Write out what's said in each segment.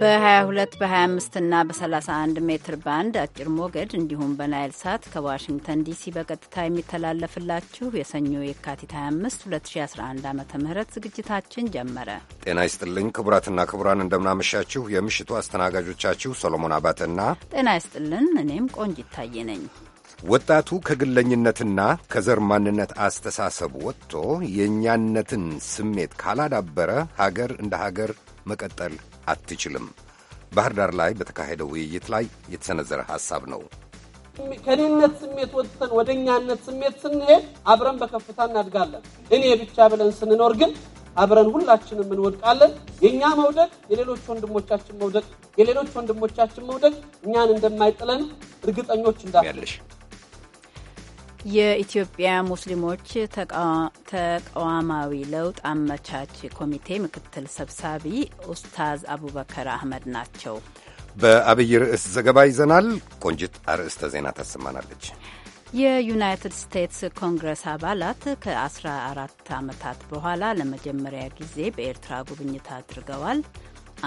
በ22 በ25 እና በ31 ሜትር ባንድ አጭር ሞገድ እንዲሁም በናይል ሳት ከዋሽንግተን ዲሲ በቀጥታ የሚተላለፍላችሁ የሰኞ የካቲት 25 2011 ዓ ም ዝግጅታችን ጀመረ። ጤና ይስጥልኝ ክቡራትና ክቡራን፣ እንደምናመሻችሁ። የምሽቱ አስተናጋጆቻችሁ ሶሎሞን አባተና ጤና ይስጥልን፣ እኔም ቆንጅ ይታየ ነኝ። ወጣቱ ከግለኝነትና ከዘር ማንነት አስተሳሰብ ወጥቶ የእኛነትን ስሜት ካላዳበረ ሀገር እንደ ሀገር መቀጠል አትችልም። ባህር ዳር ላይ በተካሄደው ውይይት ላይ የተሰነዘረ ሐሳብ ነው። ከእኔነት ስሜት ወጥተን ወደ እኛነት ስሜት ስንሄድ አብረን በከፍታ እናድጋለን። እኔ ብቻ ብለን ስንኖር ግን አብረን ሁላችንም እንወድቃለን። የእኛ መውደቅ የሌሎች ወንድሞቻችን መውደቅ የሌሎች ወንድሞቻችን መውደቅ እኛን እንደማይጥለን እርግጠኞች እንዳለሽ የኢትዮጵያ ሙስሊሞች ተቃዋማዊ ለውጥ አመቻች ኮሚቴ ምክትል ሰብሳቢ ኡስታዝ አቡበከር አህመድ ናቸው። በአብይ ርዕስ ዘገባ ይዘናል። ቆንጅት አርዕስተ ዜና ታሰማናለች። የዩናይትድ ስቴትስ ኮንግረስ አባላት ከ14 ዓመታት በኋላ ለመጀመሪያ ጊዜ በኤርትራ ጉብኝት አድርገዋል።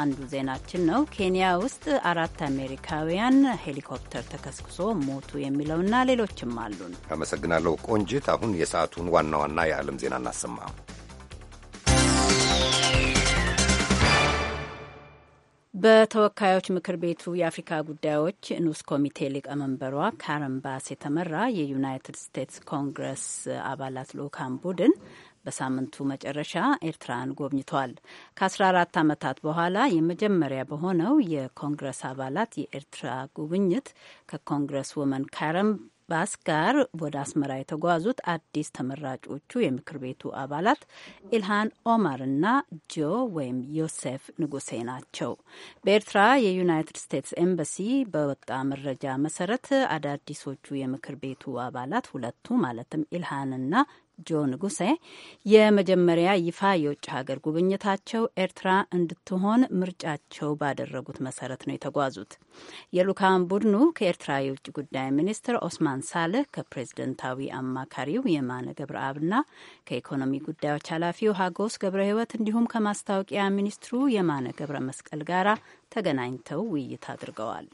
አንዱ ዜናችን ነው። ኬንያ ውስጥ አራት አሜሪካውያን ሄሊኮፕተር ተከስክሶ ሞቱ የሚለውና ሌሎችም አሉን። አመሰግናለሁ ቆንጂት። አሁን የሰዓቱን ዋና ዋና የዓለም ዜና እናሰማ። በተወካዮች ምክር ቤቱ የአፍሪካ ጉዳዮች ንዑስ ኮሚቴ ሊቀመንበሯ ካረን ባስ የተመራ የዩናይትድ ስቴትስ ኮንግረስ አባላት ልዑካን ቡድን በሳምንቱ መጨረሻ ኤርትራን ጎብኝተዋል። ከ14 ዓመታት በኋላ የመጀመሪያ በሆነው የኮንግረስ አባላት የኤርትራ ጉብኝት ከኮንግረስ ወመን ካረም ባስ ጋር ወደ አስመራ የተጓዙት አዲስ ተመራጮቹ የምክር ቤቱ አባላት ኢልሃን ኦማርና ጆ ወይም ዮሴፍ ንጉሴ ናቸው። በኤርትራ የዩናይትድ ስቴትስ ኤምባሲ በወጣ መረጃ መሰረት አዳዲሶቹ የምክር ቤቱ አባላት ሁለቱ ማለትም ኢልሃንና ጆ ንጉሴ የመጀመሪያ ይፋ የውጭ ሀገር ጉብኝታቸው ኤርትራ እንድትሆን ምርጫቸው ባደረጉት መሰረት ነው የተጓዙት። የሉካን ቡድኑ ከኤርትራ የውጭ ጉዳይ ሚኒስትር ኦስማን ሳልህ ከፕሬዝደንታዊ አማካሪው የማነ ገብረአብና ከኢኮኖሚ ጉዳዮች ኃላፊው ሀጎስ ገብረ ህይወት እንዲሁም ከማስታወቂያ ሚኒስትሩ የማነ ገብረ መስቀል ጋራ ተገናኝተው ውይይት አድርገዋል።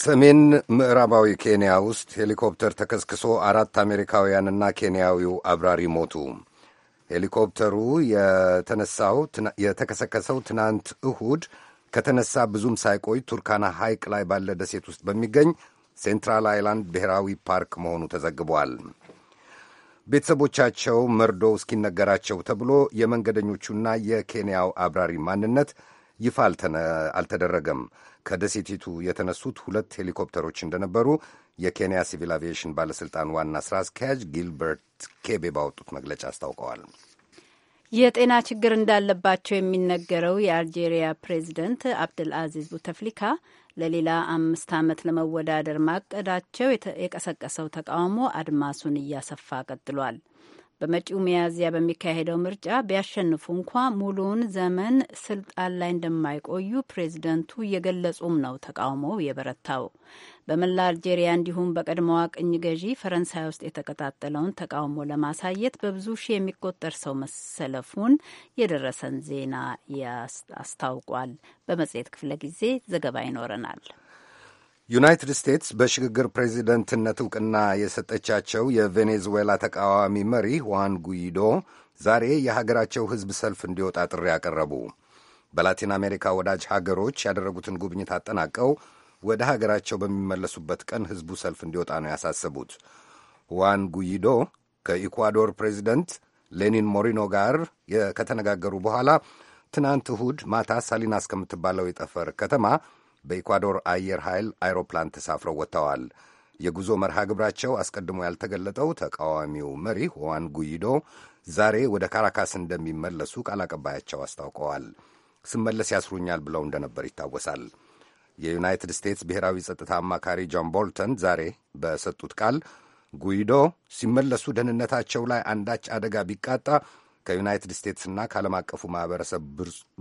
ሰሜን ምዕራባዊ ኬንያ ውስጥ ሄሊኮፕተር ተከስክሶ አራት አሜሪካውያንና ኬንያዊው አብራሪ ሞቱ። ሄሊኮፕተሩ የተነሳው የተከሰከሰው ትናንት እሁድ ከተነሳ ብዙም ሳይቆይ ቱርካና ሐይቅ ላይ ባለ ደሴት ውስጥ በሚገኝ ሴንትራል አይላንድ ብሔራዊ ፓርክ መሆኑ ተዘግቧል። ቤተሰቦቻቸው መርዶ እስኪነገራቸው ተብሎ የመንገደኞቹና የኬንያው አብራሪ ማንነት ይፋ አልተደረገም። ከደሴቲቱ የተነሱት ሁለት ሄሊኮፕተሮች እንደነበሩ የኬንያ ሲቪል አቪዬሽን ባለሥልጣን ዋና ሥራ አስኪያጅ ጊልበርት ኬቤ ባወጡት መግለጫ አስታውቀዋል። የጤና ችግር እንዳለባቸው የሚነገረው የአልጄሪያ ፕሬዚደንት አብድል አዚዝ ቡተፍሊካ ለሌላ አምስት ዓመት ለመወዳደር ማቀዳቸው የቀሰቀሰው ተቃውሞ አድማሱን እያሰፋ ቀጥሏል። በመጪው ሚያዝያ በሚካሄደው ምርጫ ቢያሸንፉ እንኳ ሙሉውን ዘመን ስልጣን ላይ እንደማይቆዩ ፕሬዚደንቱ እየገለጹም ነው ተቃውሞው የበረታው። በመላ አልጄሪያ እንዲሁም በቀድሞዋ ቅኝ ገዢ ፈረንሳይ ውስጥ የተቀጣጠለውን ተቃውሞ ለማሳየት በብዙ ሺህ የሚቆጠር ሰው መሰለፉን የደረሰን ዜና አስታውቋል። በመጽሔት ክፍለ ጊዜ ዘገባ ይኖረናል። ዩናይትድ ስቴትስ በሽግግር ፕሬዚደንትነት እውቅና የሰጠቻቸው የቬኔዙዌላ ተቃዋሚ መሪ ሁዋን ጉይዶ ዛሬ የሀገራቸው ሕዝብ ሰልፍ እንዲወጣ ጥሪ አቀረቡ። በላቲን አሜሪካ ወዳጅ ሀገሮች ያደረጉትን ጉብኝት አጠናቀው ወደ ሀገራቸው በሚመለሱበት ቀን ሕዝቡ ሰልፍ እንዲወጣ ነው ያሳሰቡት። ሁዋን ጉይዶ ከኢኳዶር ፕሬዚደንት ሌኒን ሞሪኖ ጋር ከተነጋገሩ በኋላ ትናንት እሁድ ማታ ሳሊናስ ከምትባለው የጠፈር ከተማ በኢኳዶር አየር ኃይል አይሮፕላን ተሳፍረው ወጥተዋል። የጉዞ መርሃ ግብራቸው አስቀድሞ ያልተገለጠው ተቃዋሚው መሪ ሁዋን ጉይዶ ዛሬ ወደ ካራካስ እንደሚመለሱ ቃል አቀባያቸው አስታውቀዋል። ስመለስ ያስሩኛል ብለው እንደነበር ይታወሳል። የዩናይትድ ስቴትስ ብሔራዊ ጸጥታ አማካሪ ጆን ቦልተን ዛሬ በሰጡት ቃል ጉይዶ ሲመለሱ ደህንነታቸው ላይ አንዳች አደጋ ቢቃጣ ከዩናይትድ ስቴትስና ከዓለም አቀፉ ማኅበረሰብ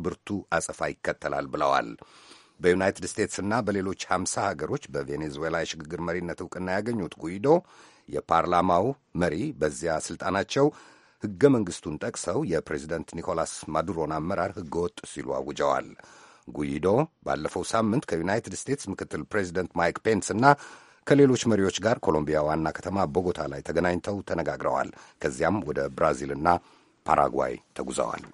ብርቱ አጸፋ ይከተላል ብለዋል። በዩናይትድ ስቴትስና በሌሎች ሀምሳ ሀገሮች በቬኔዙዌላ የሽግግር መሪነት እውቅና ያገኙት ጉይዶ የፓርላማው መሪ በዚያ ስልጣናቸው ሕገ መንግሥቱን ጠቅሰው የፕሬዚደንት ኒኮላስ ማዱሮን አመራር ህገወጥ ሲሉ አውጀዋል። ጉይዶ ባለፈው ሳምንት ከዩናይትድ ስቴትስ ምክትል ፕሬዚደንት ማይክ ፔንስ እና ከሌሎች መሪዎች ጋር ኮሎምቢያ ዋና ከተማ ቦጎታ ላይ ተገናኝተው ተነጋግረዋል። ከዚያም ወደ ብራዚልና ፓራጓይ ተጉዘዋል።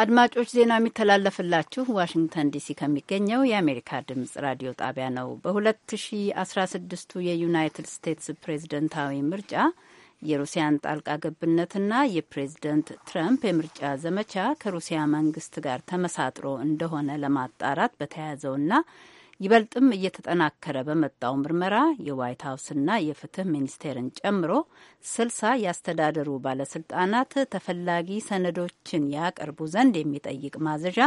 አድማጮች ዜና የሚተላለፍላችሁ ዋሽንግተን ዲሲ ከሚገኘው የአሜሪካ ድምጽ ራዲዮ ጣቢያ ነው። በ2016ቱ የዩናይትድ ስቴትስ ፕሬዝደንታዊ ምርጫ የሩሲያን ጣልቃ ገብነትና የፕሬዝደንት ትራምፕ የምርጫ ዘመቻ ከሩሲያ መንግስት ጋር ተመሳጥሮ እንደሆነ ለማጣራት በተያያዘውና ይበልጥም እየተጠናከረ በመጣው ምርመራ የዋይት ሀውስና የፍትህ ሚኒስቴርን ጨምሮ ስልሳ ያስተዳደሩ ባለስልጣናት ተፈላጊ ሰነዶችን ያቀርቡ ዘንድ የሚጠይቅ ማዘዣ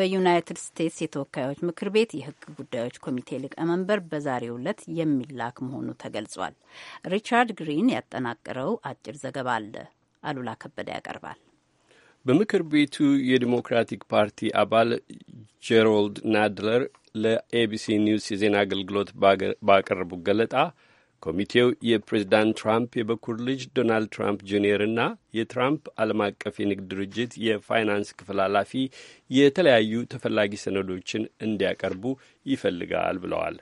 በዩናይትድ ስቴትስ የተወካዮች ምክር ቤት የህግ ጉዳዮች ኮሚቴ ሊቀመንበር በዛሬው ዕለት የሚላክ መሆኑ ተገልጿል። ሪቻርድ ግሪን ያጠናቀረው አጭር ዘገባ አለ። አሉላ ከበደ ያቀርባል። በምክር ቤቱ የዲሞክራቲክ ፓርቲ አባል ጄሮልድ ናድለር ለኤቢሲ ኒውስ የዜና አገልግሎት ባቀረቡት ገለጣ ኮሚቴው የፕሬዚዳንት ትራምፕ የበኩር ልጅ ዶናልድ ትራምፕ እና የትራምፕ ዓለም አቀፍ የንግድ ድርጅት የፋይናንስ ክፍል ኃላፊ የተለያዩ ተፈላጊ ሰነዶችን እንዲያቀርቡ ይፈልጋል ብለዋል።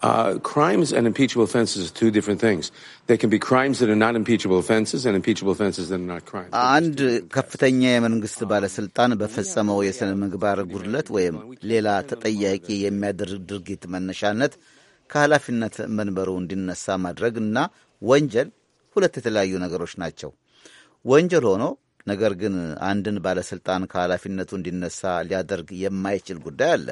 Uh, crimes and impeachable offenses are two different things. They can be crimes that are not impeachable offenses and impeachable offenses that are not crimes. አንድ ከፍተኛ የመንግስት ባለስልጣን በፈጸመው የሥነ ምግባር ጉድለት ወይም ሌላ ተጠያቂ የሚያደርግ ድርጊት መነሻነት ከኃላፊነት መንበሩ እንዲነሳ ማድረግ እና ወንጀል ሁለት የተለያዩ ነገሮች ናቸው። ወንጀል ሆኖ ነገር ግን አንድን ባለስልጣን ከኃላፊነቱ እንዲነሳ ሊያደርግ የማይችል ጉዳይ አለ።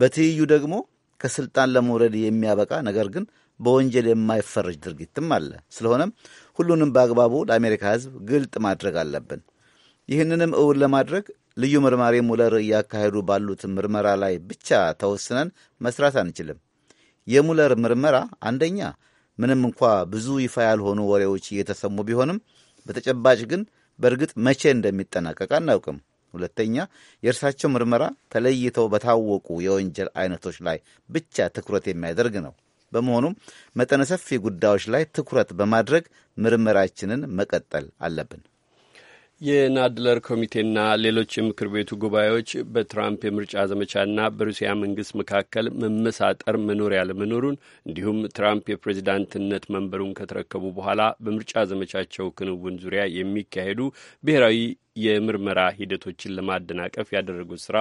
በትይዩ ደግሞ ከስልጣን ለመውረድ የሚያበቃ ነገር ግን በወንጀል የማይፈረጅ ድርጊትም አለ። ስለሆነም ሁሉንም በአግባቡ ለአሜሪካ ሕዝብ ግልጥ ማድረግ አለብን። ይህንንም እውን ለማድረግ ልዩ ምርማሪ ሙለር እያካሄዱ ባሉት ምርመራ ላይ ብቻ ተወስነን መስራት አንችልም። የሙለር ምርመራ አንደኛ ምንም እንኳ ብዙ ይፋ ያልሆኑ ወሬዎች እየተሰሙ ቢሆንም በተጨባጭ ግን በእርግጥ መቼ እንደሚጠናቀቅ አናውቅም። ሁለተኛ የእርሳቸው ምርመራ ተለይተው በታወቁ የወንጀል አይነቶች ላይ ብቻ ትኩረት የሚያደርግ ነው። በመሆኑም መጠነ ሰፊ ጉዳዮች ላይ ትኩረት በማድረግ ምርመራችንን መቀጠል አለብን። የናድለር ኮሚቴና ሌሎች የምክር ቤቱ ጉባኤዎች በትራምፕ የምርጫ ዘመቻና በሩሲያ መንግስት መካከል መመሳጠር መኖር ያለመኖሩን እንዲሁም ትራምፕ የፕሬዚዳንትነት መንበሩን ከተረከቡ በኋላ በምርጫ ዘመቻቸው ክንውን ዙሪያ የሚካሄዱ ብሔራዊ የምርመራ ሂደቶችን ለማደናቀፍ ያደረጉት ስራ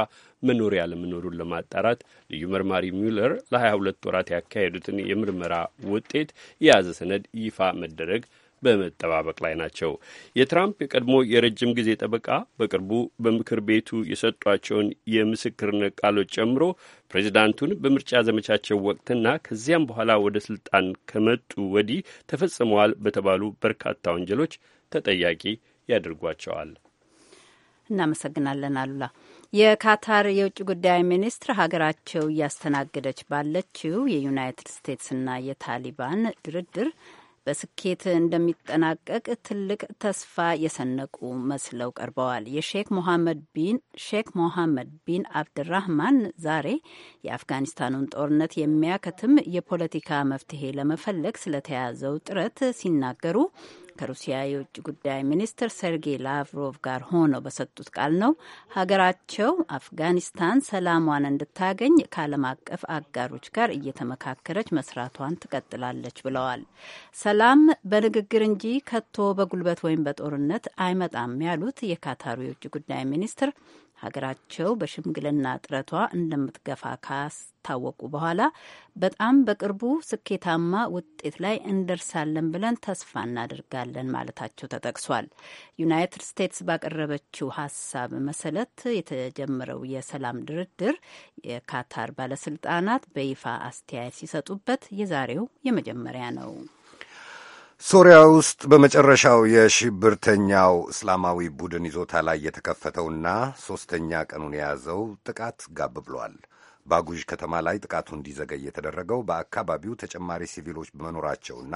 መኖር ያለመኖሩን ለማጣራት ልዩ መርማሪ ሚውለር ለ22 ወራት ያካሄዱትን የምርመራ ውጤት የያዘ ሰነድ ይፋ መደረግ በመጠባበቅ ላይ ናቸው። የትራምፕ የቀድሞ የረጅም ጊዜ ጠበቃ በቅርቡ በምክር ቤቱ የሰጧቸውን የምስክርነት ቃሎች ጨምሮ ፕሬዚዳንቱን በምርጫ ዘመቻቸው ወቅትና ከዚያም በኋላ ወደ ስልጣን ከመጡ ወዲህ ተፈጽመዋል በተባሉ በርካታ ወንጀሎች ተጠያቂ ያደርጓቸዋል። እናመሰግናለን አሉላ። የካታር የውጭ ጉዳይ ሚኒስትር ሀገራቸው እያስተናገደች ባለችው የዩናይትድ ስቴትስና የታሊባን ድርድር በስኬት እንደሚጠናቀቅ ትልቅ ተስፋ የሰነቁ መስለው ቀርበዋል። የሼክ ሞሐመድ ቢን ሼክ ሞሐመድ ቢን አብድራህማን ዛሬ የአፍጋኒስታኑን ጦርነት የሚያከትም የፖለቲካ መፍትሄ ለመፈለግ ስለተያዘው ጥረት ሲናገሩ ከሩሲያ የውጭ ጉዳይ ሚኒስትር ሰርጌይ ላቭሮቭ ጋር ሆነው በሰጡት ቃል ነው ሀገራቸው አፍጋኒስታን ሰላሟን እንድታገኝ ከዓለም አቀፍ አጋሮች ጋር እየተመካከረች መስራቷን ትቀጥላለች ብለዋል። ሰላም በንግግር እንጂ ከቶ በጉልበት ወይም በጦርነት አይመጣም ያሉት የካታሩ የውጭ ጉዳይ ሚኒስትር ሀገራቸው በሽምግልና ጥረቷ እንደምትገፋ ካስታወቁ በኋላ በጣም በቅርቡ ስኬታማ ውጤት ላይ እንደርሳለን ብለን ተስፋ እናደርጋለን ማለታቸው ተጠቅሷል። ዩናይትድ ስቴትስ ባቀረበችው ሀሳብ መሰረት የተጀመረው የሰላም ድርድር የካታር ባለስልጣናት በይፋ አስተያየት ሲሰጡበት የዛሬው የመጀመሪያ ነው። ሶሪያ ውስጥ በመጨረሻው የሽብርተኛው እስላማዊ ቡድን ይዞታ ላይ የተከፈተውና ሦስተኛ ቀኑን የያዘው ጥቃት ጋብ ብሏል። ባጉዥ ከተማ ላይ ጥቃቱ እንዲዘገይ የተደረገው በአካባቢው ተጨማሪ ሲቪሎች በመኖራቸውና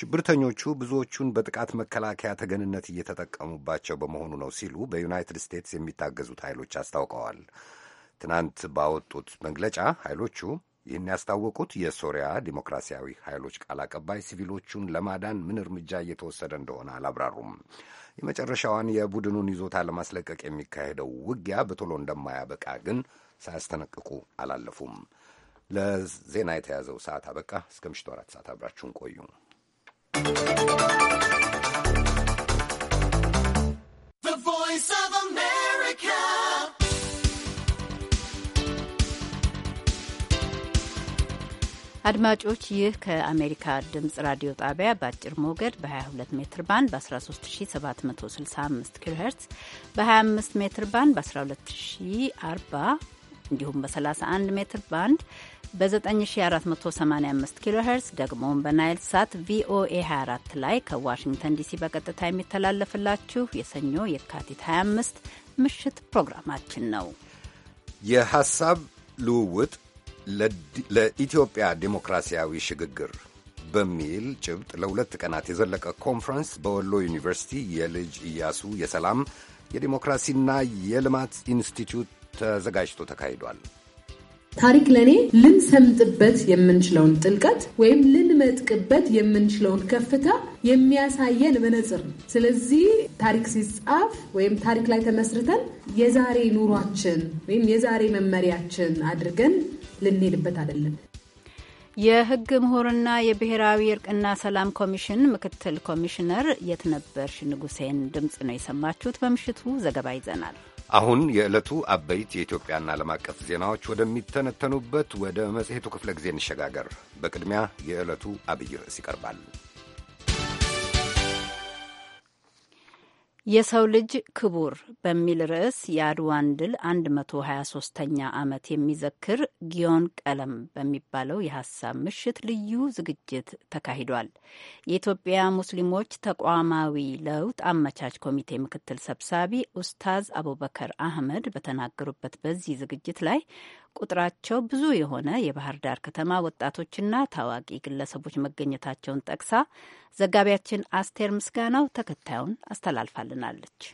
ሽብርተኞቹ ብዙዎቹን በጥቃት መከላከያ ተገንነት እየተጠቀሙባቸው በመሆኑ ነው ሲሉ በዩናይትድ ስቴትስ የሚታገዙት ኃይሎች አስታውቀዋል። ትናንት ባወጡት መግለጫ ኃይሎቹ ይህን ያስታወቁት የሶሪያ ዲሞክራሲያዊ ኃይሎች ቃል አቀባይ ሲቪሎቹን ለማዳን ምን እርምጃ እየተወሰደ እንደሆነ አላብራሩም። የመጨረሻዋን የቡድኑን ይዞታ ለማስለቀቅ የሚካሄደው ውጊያ በቶሎ እንደማያበቃ ግን ሳያስተነቅቁ አላለፉም። ለዜና የተያዘው ሰዓት አበቃ። እስከ ምሽቱ አራት ሰዓት አብራችሁን ቆዩ። አድማጮች ይህ ከአሜሪካ ድምጽ ራዲዮ ጣቢያ በአጭር ሞገድ በ22 ሜትር ባንድ በ13765 ኪሎ ሄርትስ በ25 ሜትር ባንድ በ12040 እንዲሁም በ31 ሜትር ባንድ በ9485 ኪሎ ሄርትስ ደግሞም በናይል ሳት ቪኦኤ 24 ላይ ከዋሽንግተን ዲሲ በቀጥታ የሚተላለፍላችሁ የሰኞ የካቲት 25 ምሽት ፕሮግራማችን ነው። የሐሳብ ልውውጥ ለኢትዮጵያ ዴሞክራሲያዊ ሽግግር በሚል ጭብጥ ለሁለት ቀናት የዘለቀ ኮንፈረንስ በወሎ ዩኒቨርሲቲ የልጅ ኢያሱ የሰላም የዴሞክራሲና የልማት ኢንስቲትዩት ተዘጋጅቶ ተካሂዷል። ታሪክ ለእኔ ልንሰምጥበት የምንችለውን ጥልቀት ወይም ልንመጥቅበት የምንችለውን ከፍታ የሚያሳየን መነጽር ነው። ስለዚህ ታሪክ ሲጻፍ ወይም ታሪክ ላይ ተመስርተን የዛሬ ኑሯችን ወይም የዛሬ መመሪያችን አድርገን ልንሄድበት አይደለም። የህግ ምሁርና የብሔራዊ እርቅና ሰላም ኮሚሽን ምክትል ኮሚሽነር የትነበርሽ ንጉሴን ድምፅ ነው የሰማችሁት። በምሽቱ ዘገባ ይዘናል። አሁን የዕለቱ አበይት የኢትዮጵያና ዓለም አቀፍ ዜናዎች ወደሚተነተኑበት ወደ መጽሔቱ ክፍለ ጊዜ እንሸጋገር። በቅድሚያ የዕለቱ አብይ ርዕስ ይቀርባል። የሰው ልጅ ክቡር በሚል ርዕስ የአድዋን ድል 123ኛ ዓመት የሚዘክር ጊዮን ቀለም በሚባለው የሀሳብ ምሽት ልዩ ዝግጅት ተካሂዷል። የኢትዮጵያ ሙስሊሞች ተቋማዊ ለውጥ አመቻች ኮሚቴ ምክትል ሰብሳቢ ኡስታዝ አቡበከር አህመድ በተናገሩበት በዚህ ዝግጅት ላይ ቁጥራቸው ብዙ የሆነ የባህር ዳር ከተማ ወጣቶችና ታዋቂ ግለሰቦች መገኘታቸውን ጠቅሳ ዘጋቢያችን አስቴር ምስጋናው ተከታዩን አስተላልፋልናለች።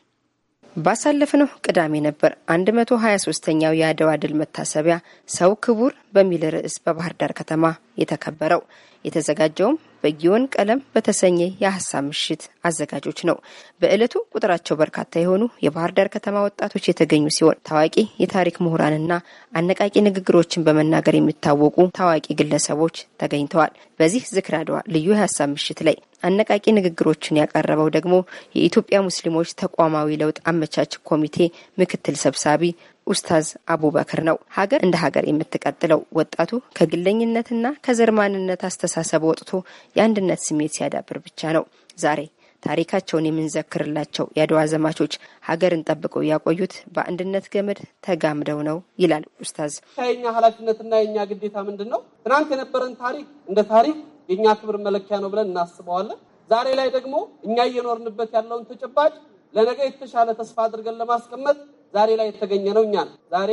ባሳለፍነው ቅዳሜ ነበር 123ኛው የአድዋ ድል መታሰቢያ ሰው ክቡር በሚል ርዕስ በባህር ዳር ከተማ የተከበረው። የተዘጋጀውም በጊዮን ቀለም በተሰኘ የሀሳብ ምሽት አዘጋጆች ነው። በዕለቱ ቁጥራቸው በርካታ የሆኑ የባህር ዳር ከተማ ወጣቶች የተገኙ ሲሆን ታዋቂ የታሪክ ምሁራንና አነቃቂ ንግግሮችን በመናገር የሚታወቁ ታዋቂ ግለሰቦች ተገኝተዋል። በዚህ ዝክረ አድዋ ልዩ የሀሳብ ምሽት ላይ አነቃቂ ንግግሮችን ያቀረበው ደግሞ የኢትዮጵያ ሙስሊሞች ተቋማዊ ለውጥ አመቻች ኮሚቴ ምክትል ሰብሳቢ ኡስታዝ አቡበክር ነው። ሀገር እንደ ሀገር የምትቀጥለው ወጣቱ ከግለኝነትና ከዘርማንነት አስተሳሰብ ወጥቶ የአንድነት ስሜት ሲያዳብር ብቻ ነው። ዛሬ ታሪካቸውን የምንዘክርላቸው የአድዋ ዘማቾች ሀገርን ጠብቀው ያቆዩት በአንድነት ገመድ ተጋምደው ነው ይላል ኡስታዝ። የኛ ኃላፊነትና የኛ ግዴታ ምንድን ነው? ትናንት የነበረን ታሪክ እንደ ታሪክ የእኛ ክብር መለኪያ ነው ብለን እናስበዋለን። ዛሬ ላይ ደግሞ እኛ እየኖርንበት ያለውን ተጨባጭ ለነገ የተሻለ ተስፋ አድርገን ለማስቀመጥ ዛሬ ላይ የተገኘ ነው። እኛን ዛሬ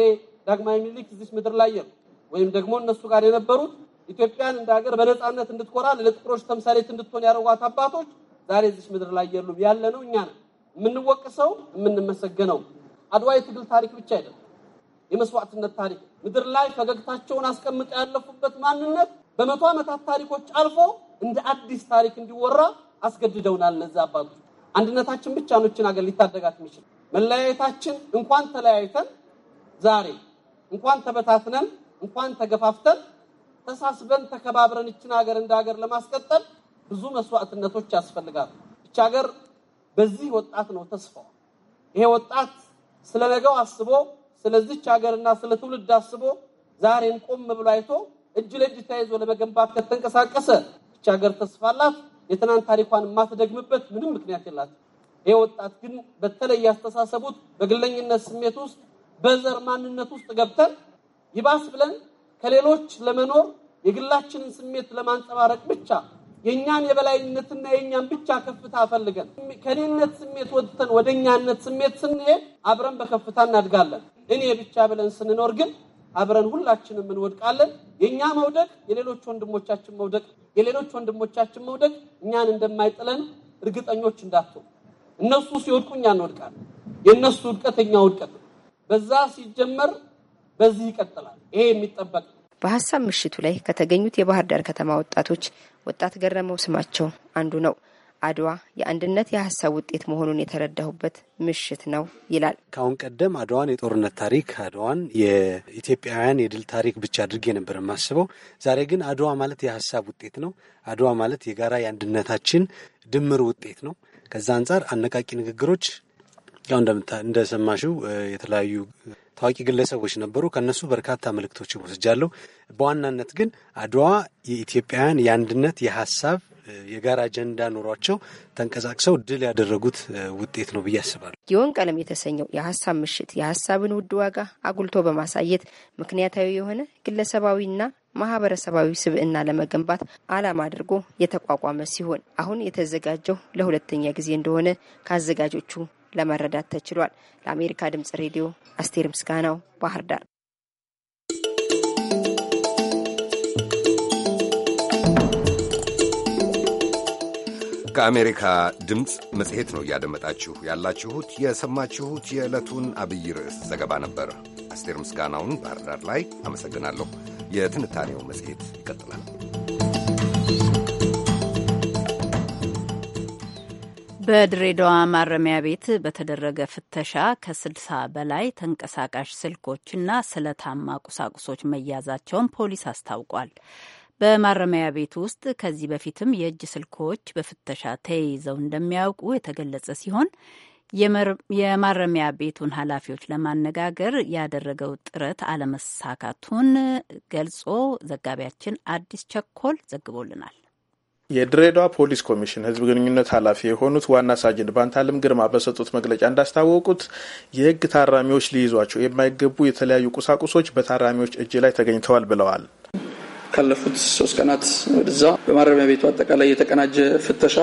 ዳግማዊ ምኒልክ እዚህ ምድር ላይ የሉ ወይም ደግሞ እነሱ ጋር የነበሩት ኢትዮጵያን እንደ ሀገር በነፃነት እንድትኮራ ለጥቁሮች ተምሳሌት እንድትሆን ያደረጓት አባቶች ዛሬ እዚህ ምድር ላይ የሉም። ያለ ነው እኛ ነን የምንወቅሰው የምንመሰገነው። አድዋ የትግል ታሪክ ብቻ አይደለም፣ የመስዋዕትነት ታሪክ ምድር ላይ ፈገግታቸውን አስቀምጠው ያለፉበት ማንነት በመቶ ዓመታት ታሪኮች አልፎ እንደ አዲስ ታሪክ እንዲወራ አስገድደውናል። እነዚህ አባቶች አንድነታችን ብቻ ነው ይችን ሀገር ሊታደጋት የሚችል መለያየታችን እንኳን ተለያይተን ዛሬ እንኳን ተበታትነን እንኳን ተገፋፍተን ተሳስበን ተከባብረን እችን ሀገር እንደ ሀገር ለማስቀጠል ብዙ መስዋዕትነቶች ያስፈልጋሉ። እች ሀገር በዚህ ወጣት ነው ተስፋው። ይሄ ወጣት ስለ ነገው አስቦ ስለዚች ሀገርና ስለ ትውልድ አስቦ ዛሬን ቆም ብሎ አይቶ እጅ ለእጅ ተያይዞ ለመገንባት ከተንቀሳቀሰ እች ሀገር ተስፋላት። የትናንት ታሪኳን የማትደግምበት ምንም ምክንያት የላትም። የወጣት ግን በተለይ ያስተሳሰቡት በግለኝነት ስሜት ውስጥ በዘር ማንነት ውስጥ ገብተን ይባስ ብለን ከሌሎች ለመኖር የግላችንን ስሜት ለማንጸባረቅ ብቻ የኛን የበላይነትና የኛን ብቻ ከፍታ ፈልገን ከኔነት ስሜት ወጥተን ወደ እኛነት ስሜት ስንሄድ አብረን በከፍታ እናድጋለን። እኔ ብቻ ብለን ስንኖር ግን አብረን ሁላችንም እንወድቃለን። የኛ መውደቅ የሌሎች ወንድሞቻችን መውደቅ የሌሎች ወንድሞቻችን መውደቅ እኛን እንደማይጥለን እርግጠኞች እንዳትሆን እነሱ ሲወድቁ እኛ እንወድቃለን። የእነሱ ውድቀት እኛ ውድቀት ነው። በዛ ሲጀመር በዚህ ይቀጥላል። ይሄ የሚጠበቅ ነው። በሀሳብ ምሽቱ ላይ ከተገኙት የባህር ዳር ከተማ ወጣቶች ወጣት ገረመው ስማቸው አንዱ ነው። አድዋ የአንድነት የሀሳብ ውጤት መሆኑን የተረዳሁበት ምሽት ነው ይላል። ከአሁን ቀደም አድዋን የጦርነት ታሪክ፣ አድዋን የኢትዮጵያውያን የድል ታሪክ ብቻ አድርጌ ነበር የማስበው። ዛሬ ግን አድዋ ማለት የሀሳብ ውጤት ነው። አድዋ ማለት የጋራ የአንድነታችን ድምር ውጤት ነው። ከዛ አንጻር አነቃቂ ንግግሮች ያው እንደሰማሽው የተለያዩ ታዋቂ ግለሰቦች ነበሩ። ከነሱ በርካታ መልእክቶች ወስጃለሁ። በዋናነት ግን አድዋ የኢትዮጵያውያን የአንድነት የሀሳብ የጋራ አጀንዳ ኑሯቸው ተንቀሳቅሰው ድል ያደረጉት ውጤት ነው ብዬ አስባለሁ። የወን ቀለም የተሰኘው የሀሳብ ምሽት የሀሳብን ውድ ዋጋ አጉልቶ በማሳየት ምክንያታዊ የሆነ ግለሰባዊና ማህበረሰባዊ ስብዕና ለመገንባት ዓላማ አድርጎ የተቋቋመ ሲሆን አሁን የተዘጋጀው ለሁለተኛ ጊዜ እንደሆነ ከአዘጋጆቹ ለመረዳት ተችሏል። ለአሜሪካ ድምጽ ሬዲዮ አስቴር ምስጋናው ባህር ዳር። ከአሜሪካ ድምፅ መጽሔት ነው እያደመጣችሁ ያላችሁት። የሰማችሁት የዕለቱን አብይ ርዕስ ዘገባ ነበር። አስቴር ምስጋናውን ባህር ዳር ላይ አመሰግናለሁ። የትንታኔው መጽሔት ይቀጥላል። በድሬዳዋ ማረሚያ ቤት በተደረገ ፍተሻ ከስድሳ በላይ ተንቀሳቃሽ ስልኮችና ስለታማ ቁሳቁሶች መያዛቸውን ፖሊስ አስታውቋል። በማረሚያ ቤት ውስጥ ከዚህ በፊትም የእጅ ስልኮች በፍተሻ ተይዘው እንደሚያውቁ የተገለጸ ሲሆን የማረሚያ ቤቱን ኃላፊዎች ለማነጋገር ያደረገው ጥረት አለመሳካቱን ገልጾ ዘጋቢያችን አዲስ ቸኮል ዘግቦልናል። የድሬዳዋ ፖሊስ ኮሚሽን ህዝብ ግንኙነት ኃላፊ የሆኑት ዋና ሳጅን ባንታለም ግርማ በሰጡት መግለጫ እንዳስታወቁት የህግ ታራሚዎች ሊይዟቸው የማይገቡ የተለያዩ ቁሳቁሶች በታራሚዎች እጅ ላይ ተገኝተዋል ብለዋል። ካለፉት ሶስት ቀናት ወደዛ በማረሚያ ቤቱ አጠቃላይ የተቀናጀ ፍተሻ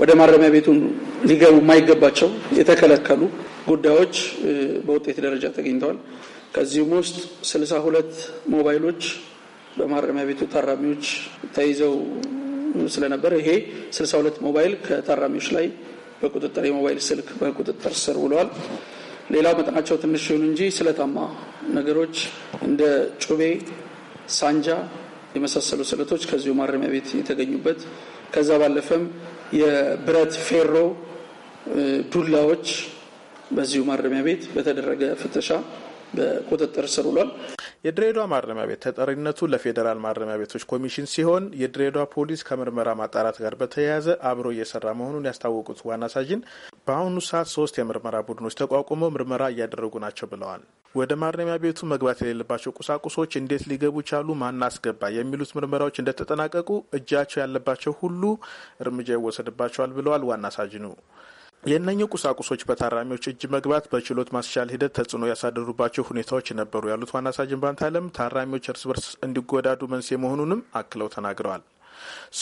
ወደ ማረሚያ ቤቱ ሊገቡ የማይገባቸው የተከለከሉ ጉዳዮች በውጤት ደረጃ ተገኝተዋል። ከዚህም ውስጥ ስልሳ ሁለት ሞባይሎች በማረሚያ ቤቱ ታራሚዎች ተይዘው ስለነበረ ይሄ ስልሳ ሁለት ሞባይል ከታራሚዎች ላይ በቁጥጥር የሞባይል ስልክ በቁጥጥር ስር ውለዋል። ሌላው መጠናቸው ትንሽ ይሁን እንጂ ስለታማ ነገሮች እንደ ጩቤ፣ ሳንጃ የመሳሰሉ ስለቶች ከዚሁ ማረሚያ ቤት የተገኙበት ከዛ ባለፈም የብረት ፌሮ ዱላዎች በዚሁ ማረሚያ ቤት በተደረገ ፍተሻ በቁጥጥር ስር ውሏል። የድሬዳዋ ማረሚያ ቤት ተጠሪነቱ ለፌዴራል ማረሚያ ቤቶች ኮሚሽን ሲሆን የድሬዳዋ ፖሊስ ከምርመራ ማጣራት ጋር በተያያዘ አብሮ እየሰራ መሆኑን ያስታወቁት ዋና ሳጅን በአሁኑ ሰዓት ሶስት የምርመራ ቡድኖች ተቋቁመው ምርመራ እያደረጉ ናቸው ብለዋል። ወደ ማረሚያ ቤቱ መግባት የሌለባቸው ቁሳቁሶች እንዴት ሊገቡ ቻሉ፣ ማን አስገባ የሚሉት ምርመራዎች እንደተጠናቀቁ እጃቸው ያለባቸው ሁሉ እርምጃ ይወሰድባቸዋል ብለዋል ዋና ሳጅኑ። የእነኚህ ቁሳቁሶች በታራሚዎች እጅ መግባት በችሎት ማስቻል ሂደት ተጽዕኖ ያሳደሩባቸው ሁኔታዎች ነበሩ ያሉት ዋና ሳጅን ባንት አለም ታራሚዎች እርስ በርስ እንዲጎዳዱ መንስኤ መሆኑንም አክለው ተናግረዋል።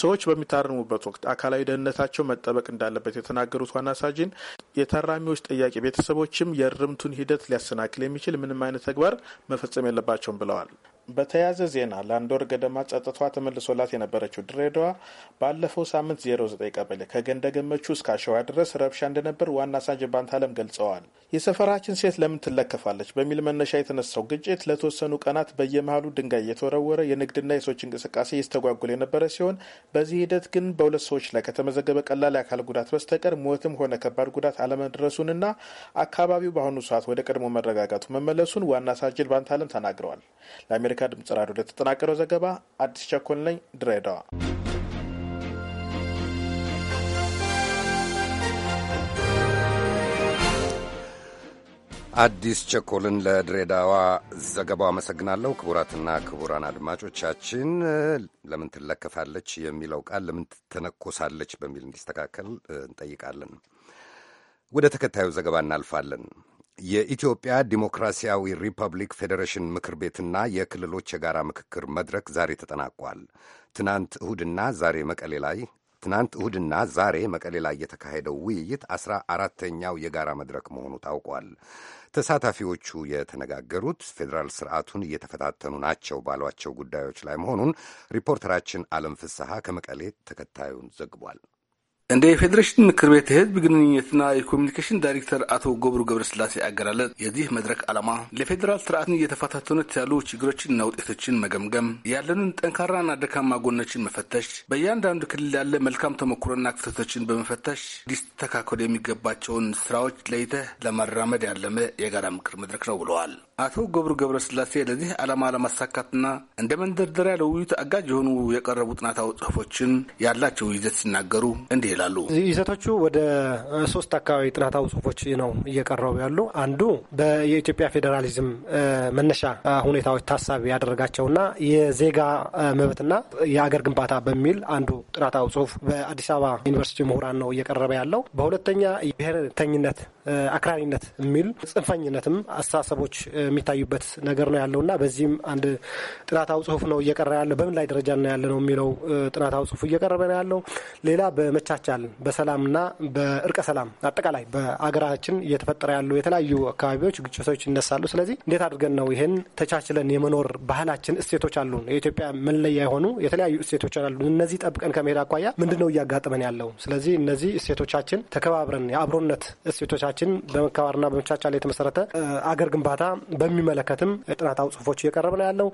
ሰዎች በሚታረሙበት ወቅት አካላዊ ደህንነታቸው መጠበቅ እንዳለበት የተናገሩት ዋና ሳጅን የታራሚዎች ጥያቄ ቤተሰቦችም የእርምቱን ሂደት ሊያሰናክል የሚችል ምንም አይነት ተግባር መፈጸም የለባቸውም ብለዋል። በተያያዘ ዜና ለአንድ ወር ገደማ ጸጥቷ ተመልሶላት የነበረችው ድሬዳዋ ባለፈው ሳምንት 09 ቀበሌ ከገንደ ገመቹ እስከ አሸዋ ድረስ ረብሻ እንደነበር ዋና ሳጅ ባንታለም ገልጸዋል። የሰፈራችን ሴት ለምን ትለከፋለች በሚል መነሻ የተነሳው ግጭት ለተወሰኑ ቀናት በየመሃሉ ድንጋይ እየተወረወረ የንግድና የሰዎች እንቅስቃሴ ይስተጓጉል የነበረ ሲሆን በዚህ ሂደት ግን በሁለት ሰዎች ላይ ከተመዘገበ ቀላል የአካል ጉዳት በስተቀር ሞትም ሆነ ከባድ ጉዳት አለመድረሱንና አካባቢው በአሁኑ ሰዓት ወደ ቀድሞ መረጋጋቱ መመለሱን ዋና ሳጅል ባንታለም ተናግረዋል። ከአሜሪካ ድምጽ ራዲዮ ለተጠናቀረው ዘገባ አዲስ ቸኮል ነኝ፣ ድሬዳዋ። አዲስ ቸኮልን ለድሬዳዋ ዘገባው አመሰግናለሁ። ክቡራትና ክቡራን አድማጮቻችን ለምን ትለከፋለች የሚለው ቃል ለምን ትተነኮሳለች በሚል እንዲስተካከል እንጠይቃለን። ወደ ተከታዩ ዘገባ እናልፋለን። የኢትዮጵያ ዲሞክራሲያዊ ሪፐብሊክ ፌዴሬሽን ምክር ቤትና የክልሎች የጋራ ምክክር መድረክ ዛሬ ተጠናቋል። ትናንት እሁድና ዛሬ መቀሌ ላይ ትናንት እሁድና ዛሬ መቀሌ ላይ የተካሄደው ውይይት አስራ አራተኛው የጋራ መድረክ መሆኑ ታውቋል። ተሳታፊዎቹ የተነጋገሩት ፌዴራል ስርዓቱን እየተፈታተኑ ናቸው ባሏቸው ጉዳዮች ላይ መሆኑን ሪፖርተራችን አለም ፍስሐ ከመቀሌ ተከታዩን ዘግቧል። እንደ የፌዴሬሽን ምክር ቤት የህዝብ ግንኙነትና የኮሚኒኬሽን ዳይሬክተር አቶ ጎብሩ ገብረስላሴ አገላለጽ የዚህ መድረክ ዓላማ ለፌዴራል ስርዓትን እየተፋታተኑት ያሉ ችግሮችንና ውጤቶችን መገምገም፣ ያለንን ጠንካራና ደካማ ጎኖችን መፈተሽ፣ በእያንዳንዱ ክልል ያለ መልካም ተሞክሮና ክፍተቶችን በመፈተሽ ሊስተካከሉ የሚገባቸውን ስራዎች ለይተህ ለማራመድ ያለመ የጋራ ምክር መድረክ ነው ብለዋል። አቶ ገብሩ ገብረስላሴ ለዚህ ዓላማ ለማሳካትና እንደ መንደርደሪያ ለውይይቱ አጋጅ የሆኑ የቀረቡ ጥናታዊ ጽሁፎችን ያላቸው ይዘት ሲናገሩ እንዲህ ይላሉ። ይዘቶቹ ወደ ሶስት አካባቢ ጥናታዊ ጽሁፎች ነው እየቀረቡ ያሉ። አንዱ የኢትዮጵያ ፌዴራሊዝም መነሻ ሁኔታዎች ታሳቢ ያደረጋቸውና የዜጋ መብትና የአገር ግንባታ በሚል አንዱ ጥናታዊ ጽሁፍ በአዲስ አበባ ዩኒቨርሲቲ ምሁራን ነው እየቀረበ ያለው። በሁለተኛ ብሔርተኝነት፣ አክራሪነት የሚል ጽንፈኝነትም አስተሳሰቦች የሚታዩበት ነገር ነው እና በዚህም አንድ ጥናታዊ ጽሁፍ ነው እየቀረ ያለው በምን ላይ ደረጃ ነው ያለ ነው የሚለው ጥናታዊ ጽሁፍ እየቀረበ ነው ያለው። ሌላ በመቻቻል በሰላምና በእርቀ ሰላም አጠቃላይ በአገራችን እየተፈጠረ ያሉ የተለያዩ አካባቢዎች ግጭቶች ይነሳሉ። ስለዚህ እንዴት አድርገን ነው ይህን ተቻችለን የመኖር ባህላችን እሴቶች አሉ። የኢትዮጵያ መለያ የሆኑ የተለያዩ እሴቶች አሉ። እነዚህ ጠብቀን ከመሄድ አኳያ ምንድን ነው እያጋጠመን ያለው? ስለዚህ እነዚህ እሴቶቻችን ተከባብረን የአብሮነት እሴቶቻችን በመከባርና በመቻቻል የተመሰረተ አገር ግንባታ በሚመለከትም ጥናታዊ ጽሁፎች እየቀረበ ነው ያለው።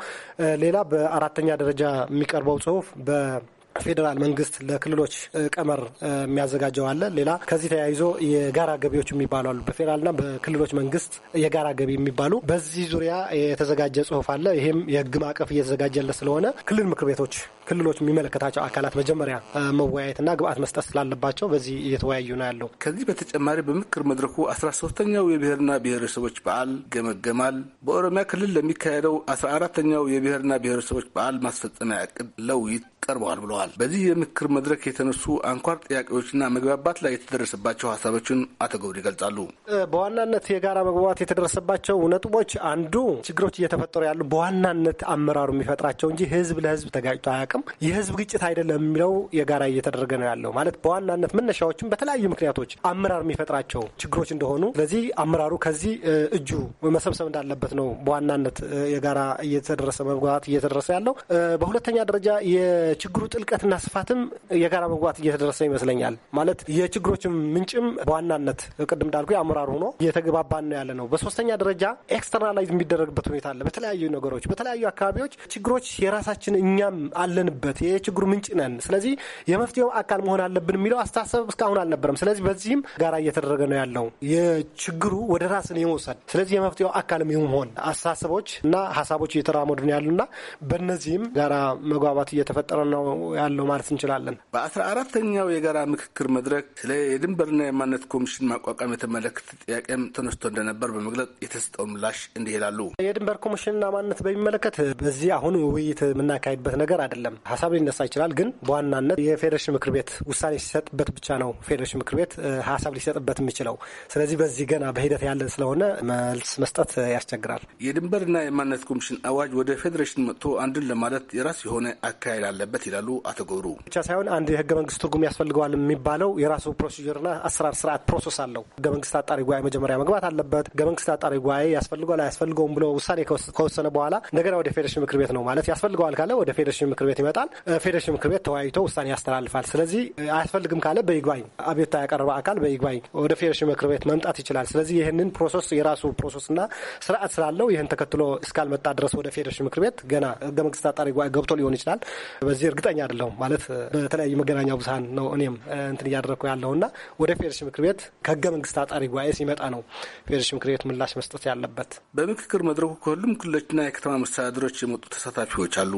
ሌላ በአራተኛ ደረጃ የሚቀርበው ጽሁፍ በ ፌዴራል መንግስት ለክልሎች ቀመር የሚያዘጋጀው አለ። ሌላ ከዚህ ተያይዞ የጋራ ገቢዎች የሚባሉ አሉ። በፌዴራልና በክልሎች መንግስት የጋራ ገቢ የሚባሉ በዚህ ዙሪያ የተዘጋጀ ጽሁፍ አለ። ይህም የህግ ማዕቀፍ እየተዘጋጀለ ስለሆነ ክልል ምክር ቤቶች ክልሎች የሚመለከታቸው አካላት መጀመሪያ መወያየትና ግብአት መስጠት ስላለባቸው በዚህ እየተወያዩ ነው ያለው። ከዚህ በተጨማሪ በምክር መድረኩ አስራ ሶስተኛው የብሔርና ብሔረሰቦች በዓል ገመገማል። በኦሮሚያ ክልል ለሚካሄደው አስራ አራተኛው የብሔርና ብሔረሰቦች በዓል ማስፈጸሚያ እቅድ ለውይይት ቀርበዋል ብለዋል። በዚህ የምክር መድረክ የተነሱ አንኳር ጥያቄዎችና መግባባት ላይ የተደረሰባቸው ሀሳቦችን አቶ ገብሩ ይገልጻሉ። በዋናነት የጋራ መግባባት የተደረሰባቸው ነጥቦች አንዱ ችግሮች እየተፈጠሩ ያሉ በዋናነት አመራሩ የሚፈጥራቸው እንጂ ህዝብ ለህዝብ ተጋጭቶ አያውቅም። አቅም የህዝብ ግጭት አይደለም የሚለው የጋራ እየተደረገ ነው ያለው። ማለት በዋናነት መነሻዎችም በተለያዩ ምክንያቶች አመራር የሚፈጥራቸው ችግሮች እንደሆኑ፣ ስለዚህ አመራሩ ከዚህ እጁ መሰብሰብ እንዳለበት ነው በዋናነት የጋራ እየተደረሰ መግባባት እየተደረሰ ያለው። በሁለተኛ ደረጃ የችግሩ ጥልቀትና ስፋትም የጋራ መግባባት እየተደረሰ ይመስለኛል። ማለት የችግሮችም ምንጭም በዋናነት ቅድም እንዳልኩ የአመራሩ ሆኖ እየተግባባን ነው ያለ ነው። በሶስተኛ ደረጃ ኤክስተርናላይዝ የሚደረግበት ሁኔታ አለ። በተለያዩ ነገሮች፣ በተለያዩ አካባቢዎች ችግሮች የራሳችን እኛም አለን ያለንበት የችግሩ ምንጭ ነን። ስለዚህ የመፍትሄው አካል መሆን አለብን የሚለው አስተሳሰብ እስካሁን አልነበረም። ስለዚህ በዚህም ጋራ እየተደረገ ነው ያለው የችግሩ ወደ ራስን የመውሰድ ስለዚህ የመፍትሄው አካል መሆን አስተሳሰቦች እና ሀሳቦች እየተራመዱ ነው ያሉና በእነዚህም ጋራ መግባባት እየተፈጠረ ነው ያለው ማለት እንችላለን። በአስራ አራተኛው የጋራ ምክክር መድረክ ስለ የድንበርና የማንነት ኮሚሽን ማቋቋም የተመለከተ ጥያቄም ተነስቶ እንደነበር በመግለጽ የተሰጠው ምላሽ እንዲህ ይላሉ። የድንበር ኮሚሽንና ማንነት በሚመለከት በዚህ አሁን ውይይት የምናካሄድበት ነገር አይደለም። ሀሳብ ሊነሳ ይችላል። ግን በዋናነት የፌዴሬሽን ምክር ቤት ውሳኔ ሲሰጥበት ብቻ ነው ፌዴሬሽን ምክር ቤት ሀሳብ ሊሰጥበት የሚችለው። ስለዚህ በዚህ ገና በሂደት ያለ ስለሆነ መልስ መስጠት ያስቸግራል። የድንበርና የማንነት ኮሚሽን አዋጅ ወደ ፌዴሬሽን መጥቶ አንድን ለማለት የራሱ የሆነ አካሄድ አለበት ይላሉ አቶ ገብሩ። ብቻ ሳይሆን አንድ የህገ መንግስት ትርጉም ያስፈልገዋል የሚባለው የራሱ ፕሮሲጀርና አሰራር ስርዓት ፕሮሰስ አለው። ህገ መንግስት አጣሪ ጉባኤ መጀመሪያ መግባት አለበት። ህገ መንግስት አጣሪ ጉባኤ ያስፈልገዋል አያስፈልገውም ብሎ ውሳኔ ከወሰነ በኋላ እንደገና ወደ ፌዴሬሽን ምክር ቤት ነው ማለት ያስፈልገዋል ካለ ወደ ፌዴሬሽን ምክር ቤት ይመጣል። ፌዴሬሽን ምክር ቤት ተወያይቶ ውሳኔ ያስተላልፋል። ስለዚህ አያስፈልግም ካለ በይግባኝ አቤቱታ ያቀረበ አካል በይግባኝ ወደ ፌዴሬሽን ምክር ቤት መምጣት ይችላል። ስለዚህ ይህንን ፕሮሰስ የራሱ ፕሮሰስና ስርዓት ስላለው ይህን ተከትሎ እስካልመጣ ድረስ ወደ ፌዴሬሽን ምክር ቤት ገና ህገ መንግስት አጣሪ ጉባኤ ገብቶ ሊሆን ይችላል። በዚህ እርግጠኛ አይደለሁም። ማለት በተለያዩ መገናኛ ብዙኃን ነው እኔም እንትን እያደረግኩ ያለውና ወደ ፌዴሬሽን ምክር ቤት ከህገ መንግስት አጣሪ ጉባኤ ሲመጣ ነው ፌዴሬሽን ምክር ቤት ምላሽ መስጠት ያለበት። በምክክር መድረኩ ከሁሉም ክልሎችና የከተማ መስተዳድሮች የመጡ ተሳታፊዎች አሉ።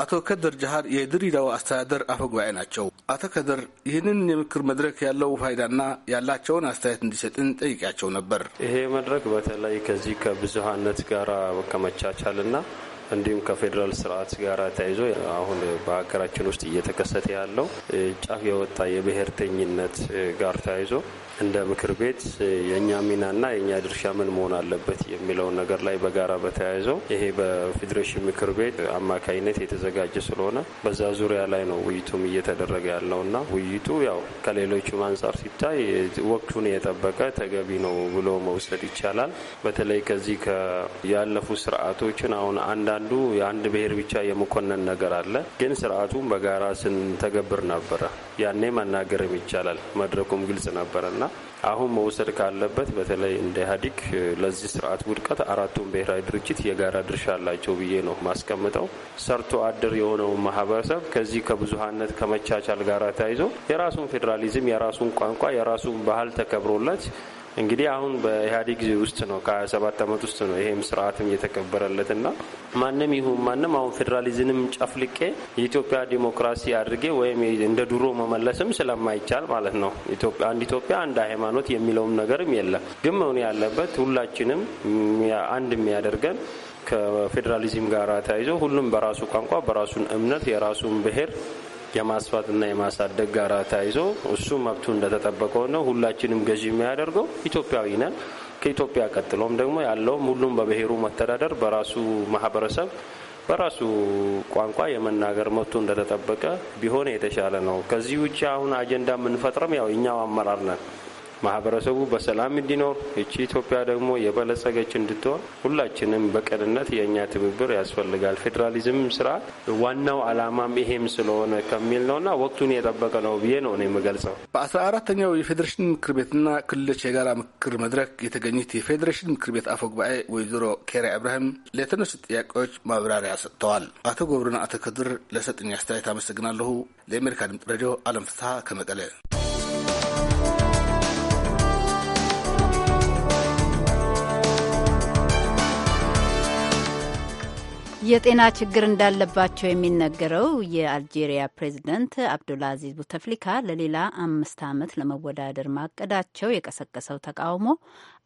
አቶ ከደር ጃሃር የድሬዳዋ አስተዳደር አፈጉባኤ ናቸው። አቶ ከደር ይህንን የምክር መድረክ ያለው ፋይዳና ያላቸውን አስተያየት እንዲሰጥን ጠይቂያቸው ነበር። ይሄ መድረክ በተለይ ከዚህ ከብዙሀነት ጋር ከመቻቻልና እንዲሁም ከፌዴራል ስርዓት ጋር ተያይዞ አሁን በሀገራችን ውስጥ እየተከሰተ ያለው ጫፍ የወጣ የብሔርተኝነት ጋር ተያይዞ እንደ ምክር ቤት የእኛ ሚናና የእኛ ድርሻ ምን መሆን አለበት የሚለውን ነገር ላይ በጋራ በተያይዘው ይሄ በፌዴሬሽን ምክር ቤት አማካይነት የተዘጋጀ ስለሆነ በዛ ዙሪያ ላይ ነው ውይይቱም እየተደረገ ያለውና ውይይቱ ያው ከሌሎቹም አንጻር ሲታይ ወቅቱን የጠበቀ ተገቢ ነው ብሎ መውሰድ ይቻላል። በተለይ ከዚህ ያለፉ ስርዓቶችን አሁን አንዳንድ እያንዳንዱ የአንድ ብሔር ብቻ የመኮነን ነገር አለ። ግን ስርዓቱን በጋራ ስንተገብር ነበረ። ያኔ መናገርም ይቻላል። መድረኩም ግልጽ ነበረና አሁን መውሰድ ካለበት በተለይ እንደ ኢህአዴግ ለዚህ ስርዓት ውድቀት አራቱም ብሔራዊ ድርጅት የጋራ ድርሻ አላቸው ብዬ ነው ማስቀምጠው። ሰርቶ አደር የሆነውን ማህበረሰብ ከዚህ ከብዙሀነት ከመቻቻል ጋር ተያይዞ የራሱን ፌዴራሊዝም፣ የራሱን ቋንቋ፣ የራሱን ባህል ተከብሮለት እንግዲህ አሁን በኢህአዴግ ውስጥ ነው ከ27 ዓመት ውስጥ ነው ይሄም ስርዓትም እየተቀበረለት ና ማንም ይሁን ማንም አሁን ፌዴራሊዝንም ጨፍልቄ የኢትዮጵያ ዲሞክራሲ አድርጌ ወይም እንደ ድሮ መመለስም ስለማይቻል ማለት ነው አንድ ኢትዮጵያ አንድ ሃይማኖት የሚለውም ነገርም የለም። ግን መሆን ያለበት ሁላችንም አንድ የሚያደርገን ከፌዴራሊዝም ጋር ተያይዞ ሁሉም በራሱ ቋንቋ በራሱን እምነት የራሱን ብሄር የማስፋትና የማሳደግ ጋር ተያይዞ እሱ መብቱ እንደተጠበቀው ነው። ሁላችንም ገዢ የሚያደርገው ኢትዮጵያዊ ነን። ከኢትዮጵያ ቀጥሎም ደግሞ ያለውም ሁሉም በብሔሩ መተዳደር በራሱ ማህበረሰብ በራሱ ቋንቋ የመናገር መብቱ እንደተጠበቀ ቢሆን የተሻለ ነው። ከዚህ ውጭ አሁን አጀንዳ የምንፈጥረም ያው እኛው አመራር ነን። ማህበረሰቡ በሰላም እንዲኖር እቺ ኢትዮጵያ ደግሞ የበለጸገች እንድትሆን ሁላችንም በቅንነት የእኛ ትብብር ያስፈልጋል። ፌዴራሊዝም ስርዓት ዋናው አላማም ይሄም ስለሆነ ከሚል ነውና ወቅቱን የጠበቀ ነው ብዬ ነው ነው የምገልጸው። በአስራ አራተኛው የፌዴሬሽን ምክር ቤትና ክልሎች የጋራ ምክክር መድረክ የተገኙት የፌዴሬሽን ምክር ቤት አፈ ጉባኤ ወይዘሮ ኬሪያ ኢብራሂም ለተነሱ ጥያቄዎች ማብራሪያ ሰጥተዋል። አቶ ጎብርና አቶ ከድር ለሰጥኝ አስተያየት አመሰግናለሁ። ለአሜሪካ ድምጽ ሬዲዮ አለም ፍስሀ ከመቀለ የጤና ችግር እንዳለባቸው የሚነገረው የአልጄሪያ ፕሬዚደንት አብዱልአዚዝ ቡተፍሊካ ለሌላ አምስት ዓመት ለመወዳደር ማቀዳቸው የቀሰቀሰው ተቃውሞ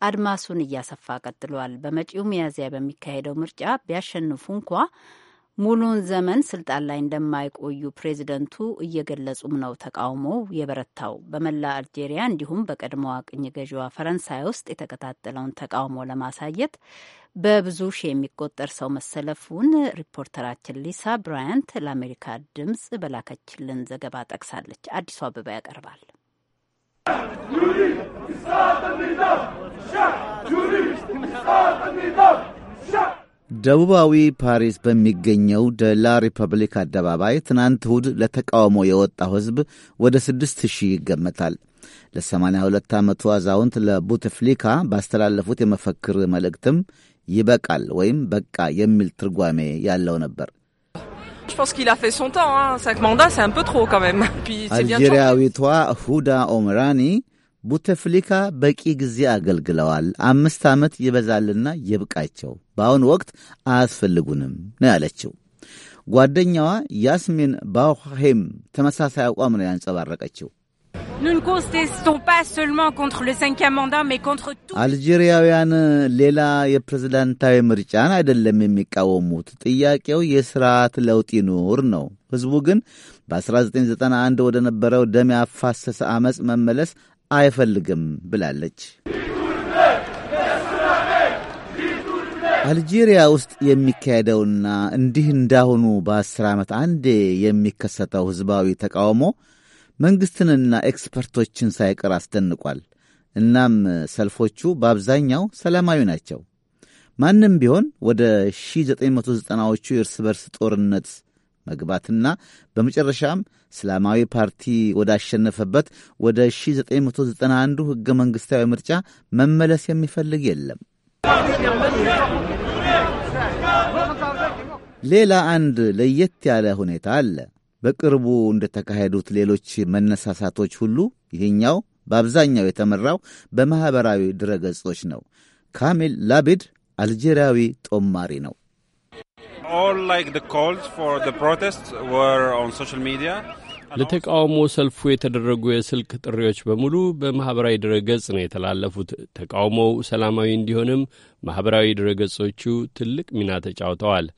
አድማሱን እያሰፋ ቀጥሏል። በመጪው ሚያዝያ በሚካሄደው ምርጫ ቢያሸንፉ እንኳ ሙሉን ዘመን ስልጣን ላይ እንደማይቆዩ ፕሬዚደንቱ እየገለጹም ነው። ተቃውሞው የበረታው በመላ አልጄሪያ እንዲሁም በቀድሞዋ ቅኝ ገዢዋ ፈረንሳይ ውስጥ የተቀጣጠለውን ተቃውሞ ለማሳየት በብዙ ሺህ የሚቆጠር ሰው መሰለፉን ሪፖርተራችን ሊሳ ብራያንት ለአሜሪካ ድምፅ በላከችልን ዘገባ ጠቅሳለች። አዲሱ አበባ ያቀርባል። ደቡባዊ ፓሪስ በሚገኘው ደላ ሪፐብሊክ አደባባይ ትናንት እሁድ ለተቃውሞ የወጣው ሕዝብ ወደ ስድስት ሺህ ይገመታል። ለ82 ዓመቱ አዛውንት ለቡትፍሊካ ባስተላለፉት የመፈክር መልእክትም ይበቃል ወይም በቃ የሚል ትርጓሜ ያለው ነበር። አልጄሪያዊቷ ሁዳ ኦምራኒ ቡተፍሊካ በቂ ጊዜ አገልግለዋል። አምስት ዓመት ይበዛልና ይብቃቸው፣ በአሁኑ ወቅት አያስፈልጉንም ነው ያለችው። ጓደኛዋ ያስሚን ባውሄም ተመሳሳይ አቋም ነው ያንጸባረቀችው። አልጄሪያውያን ሌላ የፕሬዝዳንታዊ ምርጫን አይደለም የሚቃወሙት። ጥያቄው የሥርዓት ለውጥ ይኑር ነው። ሕዝቡ ግን በ1991 ወደ ነበረው ደም ያፋሰሰ ዐመፅ መመለስ አይፈልግም ብላለች። አልጄሪያ ውስጥ የሚካሄደውና እንዲህ እንዳሁኑ በአስር ዓመት አንዴ የሚከሰተው ሕዝባዊ ተቃውሞ መንግሥትንና ኤክስፐርቶችን ሳይቀር አስደንቋል። እናም ሰልፎቹ በአብዛኛው ሰላማዊ ናቸው። ማንም ቢሆን ወደ 1990ዎቹ የእርስ በርስ ጦርነት መግባትና በመጨረሻም እስላማዊ ፓርቲ ወዳሸነፈበት ወደ 1991ዱ ሕገ መንግሥታዊ ምርጫ መመለስ የሚፈልግ የለም። ሌላ አንድ ለየት ያለ ሁኔታ አለ። በቅርቡ እንደተካሄዱት ሌሎች መነሳሳቶች ሁሉ ይህኛው በአብዛኛው የተመራው በማኅበራዊ ድረገጾች ነው። ካሚል ላቢድ አልጄሪያዊ ጦማሪ ነው። ለተቃውሞ ሰልፉ የተደረጉ የስልክ ጥሪዎች በሙሉ በማኅበራዊ ድረገጽ ነው የተላለፉት። ተቃውሞው ሰላማዊ እንዲሆንም ማኅበራዊ ድረገጾቹ ትልቅ ሚና ተጫውተዋል።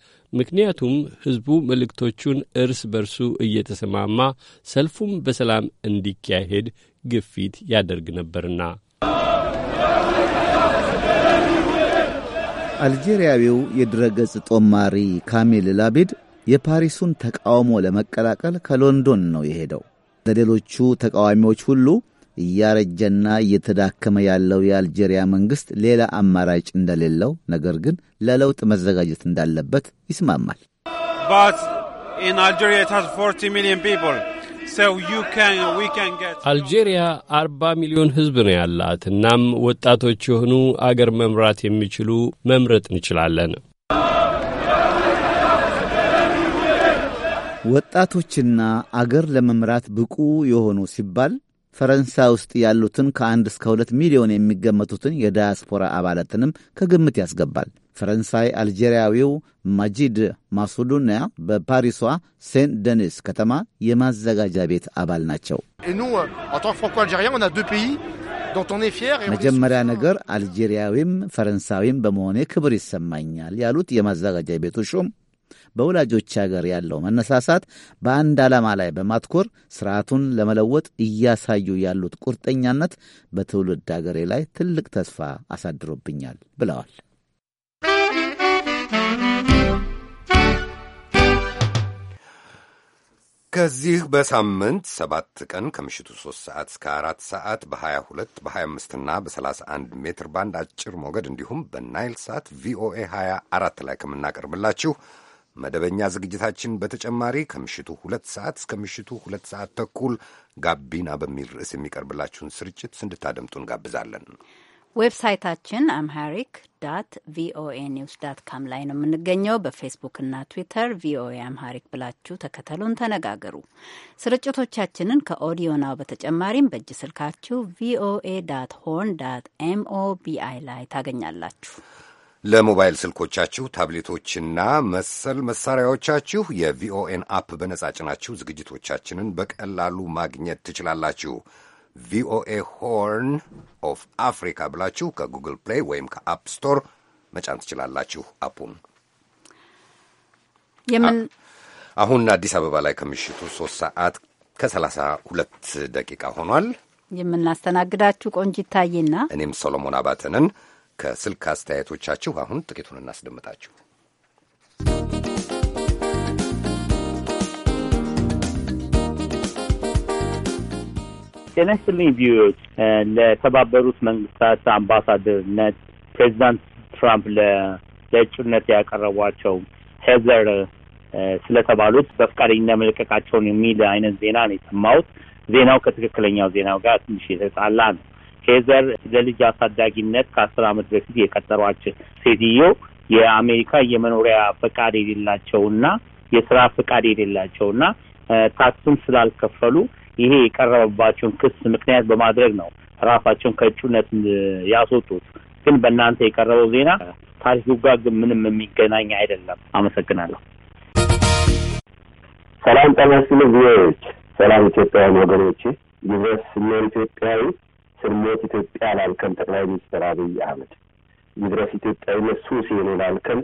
ምክንያቱም ሕዝቡ መልእክቶቹን እርስ በርሱ እየተሰማማ ሰልፉም በሰላም እንዲካሄድ ግፊት ያደርግ ነበርና። አልጄሪያዊው የድረገጽ ጦማሪ ካሚል ላቢድ የፓሪሱን ተቃውሞ ለመቀላቀል ከሎንዶን ነው የሄደው። ለሌሎቹ ተቃዋሚዎች ሁሉ እያረጀና እየተዳከመ ያለው የአልጄሪያ መንግሥት ሌላ አማራጭ እንደሌለው፣ ነገር ግን ለለውጥ መዘጋጀት እንዳለበት ይስማማል። አልጄሪያ አርባ ሚሊዮን ህዝብ ነው ያላት። እናም ወጣቶች የሆኑ አገር መምራት የሚችሉ መምረጥ እንችላለን። ወጣቶችና አገር ለመምራት ብቁ የሆኑ ሲባል ፈረንሳይ ውስጥ ያሉትን ከአንድ እስከ ሁለት ሚሊዮን የሚገመቱትን የዳያስፖራ አባላትንም ከግምት ያስገባል። ፈረንሳይ አልጄሪያዊው ማጂድ ማሱዱና በፓሪሷ ሴንት ደኒስ ከተማ የማዘጋጃ ቤት አባል ናቸው። euh, መጀመሪያ ነገር አልጄሪያዊም ፈረንሳዊም በመሆኔ ክብር ይሰማኛል ያሉት የማዘጋጃ ቤቱ ሹም በወላጆች ሀገር ያለው መነሳሳት በአንድ ዓላማ ላይ በማትኮር ስርዓቱን ለመለወጥ እያሳዩ ያሉት ቁርጠኛነት በትውልድ አገሬ ላይ ትልቅ ተስፋ አሳድሮብኛል ብለዋል። ከዚህ በሳምንት ሰባት ቀን ከምሽቱ ሶስት ሰዓት እስከ አራት ሰዓት በ22 በ25 እና በ31 ሜትር ባንድ አጭር ሞገድ እንዲሁም በናይል ሳት ቪኦኤ 24 ላይ ከምናቀርብላችሁ መደበኛ ዝግጅታችን በተጨማሪ ከምሽቱ ሁለት ሰዓት እስከ ምሽቱ ሁለት ሰዓት ተኩል ጋቢና በሚል ርዕስ የሚቀርብላችሁን ስርጭት እንድታደምጡ እንጋብዛለን። ዌብሳይታችን አምሃሪክ ዳት ቪኦኤ ኒውስ ዳት ካም ላይ ነው የምንገኘው። በፌስቡክ እና ትዊተር ቪኦኤ አምሃሪክ ብላችሁ ተከተሉን፣ ተነጋገሩ። ስርጭቶቻችንን ከኦዲዮ ናው በተጨማሪም በእጅ ስልካችሁ ቪኦኤ ዳት ሆርን ዳት ኤምኦቢአይ ላይ ታገኛላችሁ። ለሞባይል ስልኮቻችሁ ታብሌቶችና መሰል መሳሪያዎቻችሁ የቪኦኤን አፕ በነጻ ጭናችሁ ዝግጅቶቻችንን በቀላሉ ማግኘት ትችላላችሁ። ቪኦኤ ሆርን ኦፍ አፍሪካ ብላችሁ ከጉግል ፕሌይ ወይም ከአፕ ስቶር መጫን ትችላላችሁ አፑን። የምን አሁን አዲስ አበባ ላይ ከምሽቱ ሶስት ሰዓት ከሰላሳ ሁለት ደቂቃ ሆኗል። የምናስተናግዳችሁ ቆንጂት ታዬና እኔም ሶሎሞን አባተንን ከስልክ አስተያየቶቻችሁ አሁን ጥቂቱን እናስደምጣችሁ። ጤና ይስጥልኝ ቪዎች ለተባበሩት መንግስታት አምባሳደርነት ፕሬዚዳንት ትራምፕ ለእጩነት ያቀረቧቸው ሄዘር ስለተባሉት በፍቃደኝነት መለቀቃቸውን የሚል አይነት ዜና ነው የሰማሁት። ዜናው ከትክክለኛው ዜናው ጋር ትንሽ የተጣላ ነው። ሄዘር ለልጅ አሳዳጊነት ከአስር አመት በፊት የቀጠሯች ሴትዮ የአሜሪካ የመኖሪያ ፈቃድ የሌላቸውና የስራ ፈቃድ የሌላቸውና ታክስም ስላልከፈሉ ይሄ የቀረበባቸውን ክስ ምክንያት በማድረግ ነው ራሳቸውን ከእጩነት ያስወጡት። ግን በእናንተ የቀረበው ዜና ታሪክ ጋር ግን ምንም የሚገናኝ አይደለም። አመሰግናለሁ። ሰላም ጠና ስል ሰላም ኢትዮጵያውያን ወገኖቼ ይድረስ ኢትዮጵያዊ ሞት ኢትዮጵያ ላልከን ጠቅላይ ሚኒስትር አብይ አህመድ ይድረስ ኢትዮጵያዊነት ሱስ የሆነ ላልከን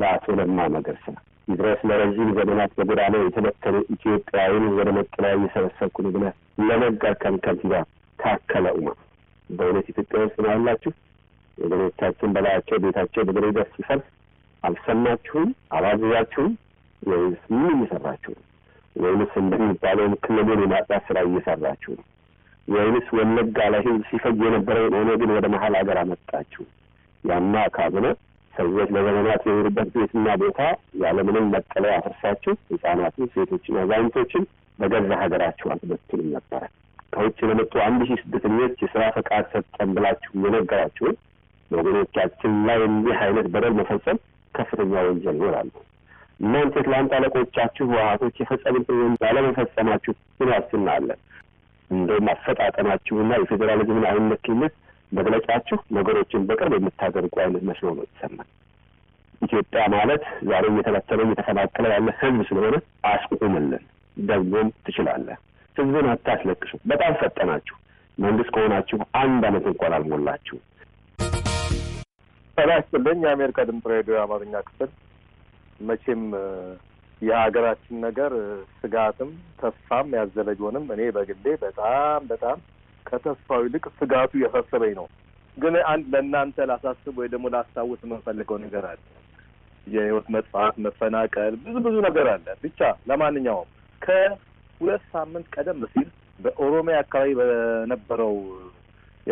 ለአቶ ለማ መገርሳ ይድረስ ለረዥም ዘመናት በጎዳና የተበተኑ ኢትዮጵያዊን ወደ መጠለያ እየሰበሰብኩ ነው ብለህ ለነገርከን ከንቲባ ታከለ ኡማ በእውነት ኢትዮጵያ ውስጥ ነው ያላችሁ? ወገኖቻችን በላያቸው ቤታቸው በደሬ ደስ ሲፈርስ አልሰማችሁም? አላዘዛችሁም? ወይስ ምን እየሰራችሁ ነው? ወይንስ እንደሚባለው ክልሉን የማጣት ስራ እየሰራችሁ ነው? ወይንስ ወለጋ ላይ ህዝብ ሲፈጅ የነበረውን ኦነግን ወደ መሀል ሀገር አመጣችሁ? ያማ ካልሆነ ሰዎች ለዘመናት የኖሩበት ቤትና ቦታ ያለምንም መጠለያ አፍርሳችሁ ህጻናትን፣ ሴቶችን፣ አዛውንቶችን በገዛ ሀገራችሁ አትበትኑም ነበረ። ከውጭ ለመጡ አንድ ሺህ ስደተኞች የስራ ፈቃድ ሰጠን ብላችሁ የነገራችሁን በወገኖቻችን ላይ እንዲህ አይነት በደል መፈጸም ከፍተኛ ወንጀል ይሆናሉ። እናንተ ትላንት አለቆቻችሁ ህወሀቶች የፈጸሙትን ባለመፈጸማችሁ ምን ዋስትና አለን? እንደውም አፈጣጠናችሁና የፌዴራሊዝምን አይነኪነት መግለጫችሁ ነገሮችን በቅርብ የምታደርጉ አይነት መስሎ ነው የተሰማን። ኢትዮጵያ ማለት ዛሬ እየተበተነ እየተፈናቀለ ያለ ህዝብ ስለሆነ አስቁምልን፣ ደግሞም ትችላለህ። ህዝብን አታስለቅሱ። በጣም ፈጠናችሁ። መንግስት ከሆናችሁ አንድ አመት እንኳን አልሞላችሁ። ሰላስጥልኝ የአሜሪካ ድምፅ ሬዲዮ የአማርኛ ክፍል መቼም የሀገራችን ነገር ስጋትም ተስፋም ያዘለ ቢሆንም እኔ በግሌ በጣም በጣም ከተስፋው ይልቅ ስጋቱ ያሳሰበኝ ነው። ግን አንድ ለእናንተ ላሳስብ ወይ ደግሞ ላስታውስ የምንፈልገው ነገር አለ። የህይወት መጥፋት፣ መፈናቀል፣ ብዙ ብዙ ነገር አለ። ብቻ ለማንኛውም ከሁለት ሳምንት ቀደም ሲል በኦሮሚያ አካባቢ በነበረው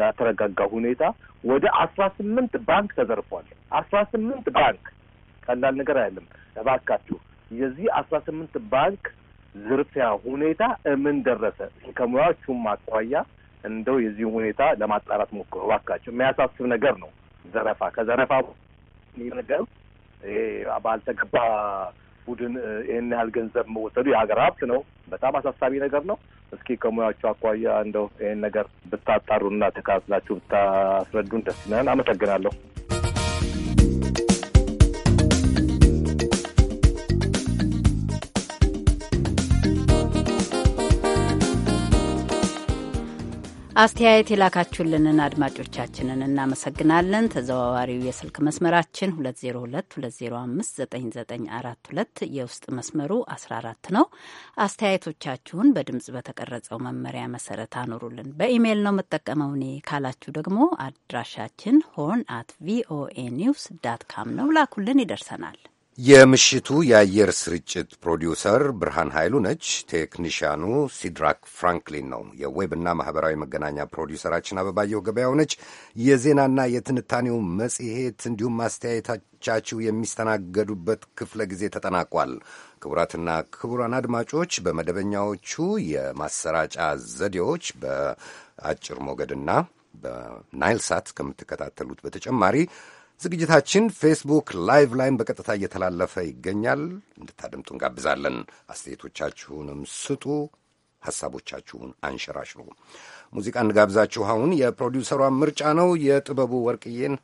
ያተረጋጋ ሁኔታ ወደ አስራ ስምንት ባንክ ተዘርፏል። አስራ ስምንት ባንክ ቀላል ነገር አይደለም። እባካችሁ የዚህ አስራ ስምንት ባንክ ዝርፊያ ሁኔታ እምን ደረሰ? ከሙያዎቹም አኳያ እንደው የዚህ ሁኔታ ለማጣራት ሞክሮ እባካቸው። የሚያሳስብ ነገር ነው። ዘረፋ ከዘረፋ ነገር ባልተገባ ቡድን ይህን ያህል ገንዘብ መወሰዱ የሀገር ሀብት ነው። በጣም አሳሳቢ ነገር ነው። እስኪ ከሙያቸው አኳያ እንደው ይህን ነገር ብታጣሩና ተካትላችሁ ብታስረዱን ደስ ይለን። አመሰግናለሁ። አስተያየት የላካችሁልንን አድማጮቻችንን እናመሰግናለን። ተዘዋዋሪው የስልክ መስመራችን 2022059942 የውስጥ መስመሩ 14 ነው። አስተያየቶቻችሁን በድምፅ በተቀረጸው መመሪያ መሰረት አኖሩልን። በኢሜይል ነው የምጠቀመው እኔ ካላችሁ ደግሞ አድራሻችን ሆን አት ቪኦኤ ኒውስ ዳት ካም ነው። ላኩልን፣ ይደርሰናል። የምሽቱ የአየር ስርጭት ፕሮዲውሰር ብርሃን ኃይሉ ነች። ቴክኒሽያኑ ሲድራክ ፍራንክሊን ነው። የዌብና ማኅበራዊ መገናኛ ፕሮዲውሰራችን አበባየው ገበያው ነች። የዜናና የትንታኔው መጽሔት እንዲሁም አስተያየቶቻችሁ የሚስተናገዱበት ክፍለ ጊዜ ተጠናቋል። ክቡራትና ክቡራን አድማጮች በመደበኛዎቹ የማሰራጫ ዘዴዎች በአጭር ሞገድና በናይል ሳት ከምትከታተሉት በተጨማሪ ዝግጅታችን ፌስቡክ ላይቭ ላይም በቀጥታ እየተላለፈ ይገኛል። እንድታደምጡ እንጋብዛለን። አስተያየቶቻችሁንም ስጡ፣ ሐሳቦቻችሁን አንሸራሽሩ። ሙዚቃ እንጋብዛችሁ። አሁን የፕሮዲውሰሯ ምርጫ ነው። የጥበቡ ወርቅዬን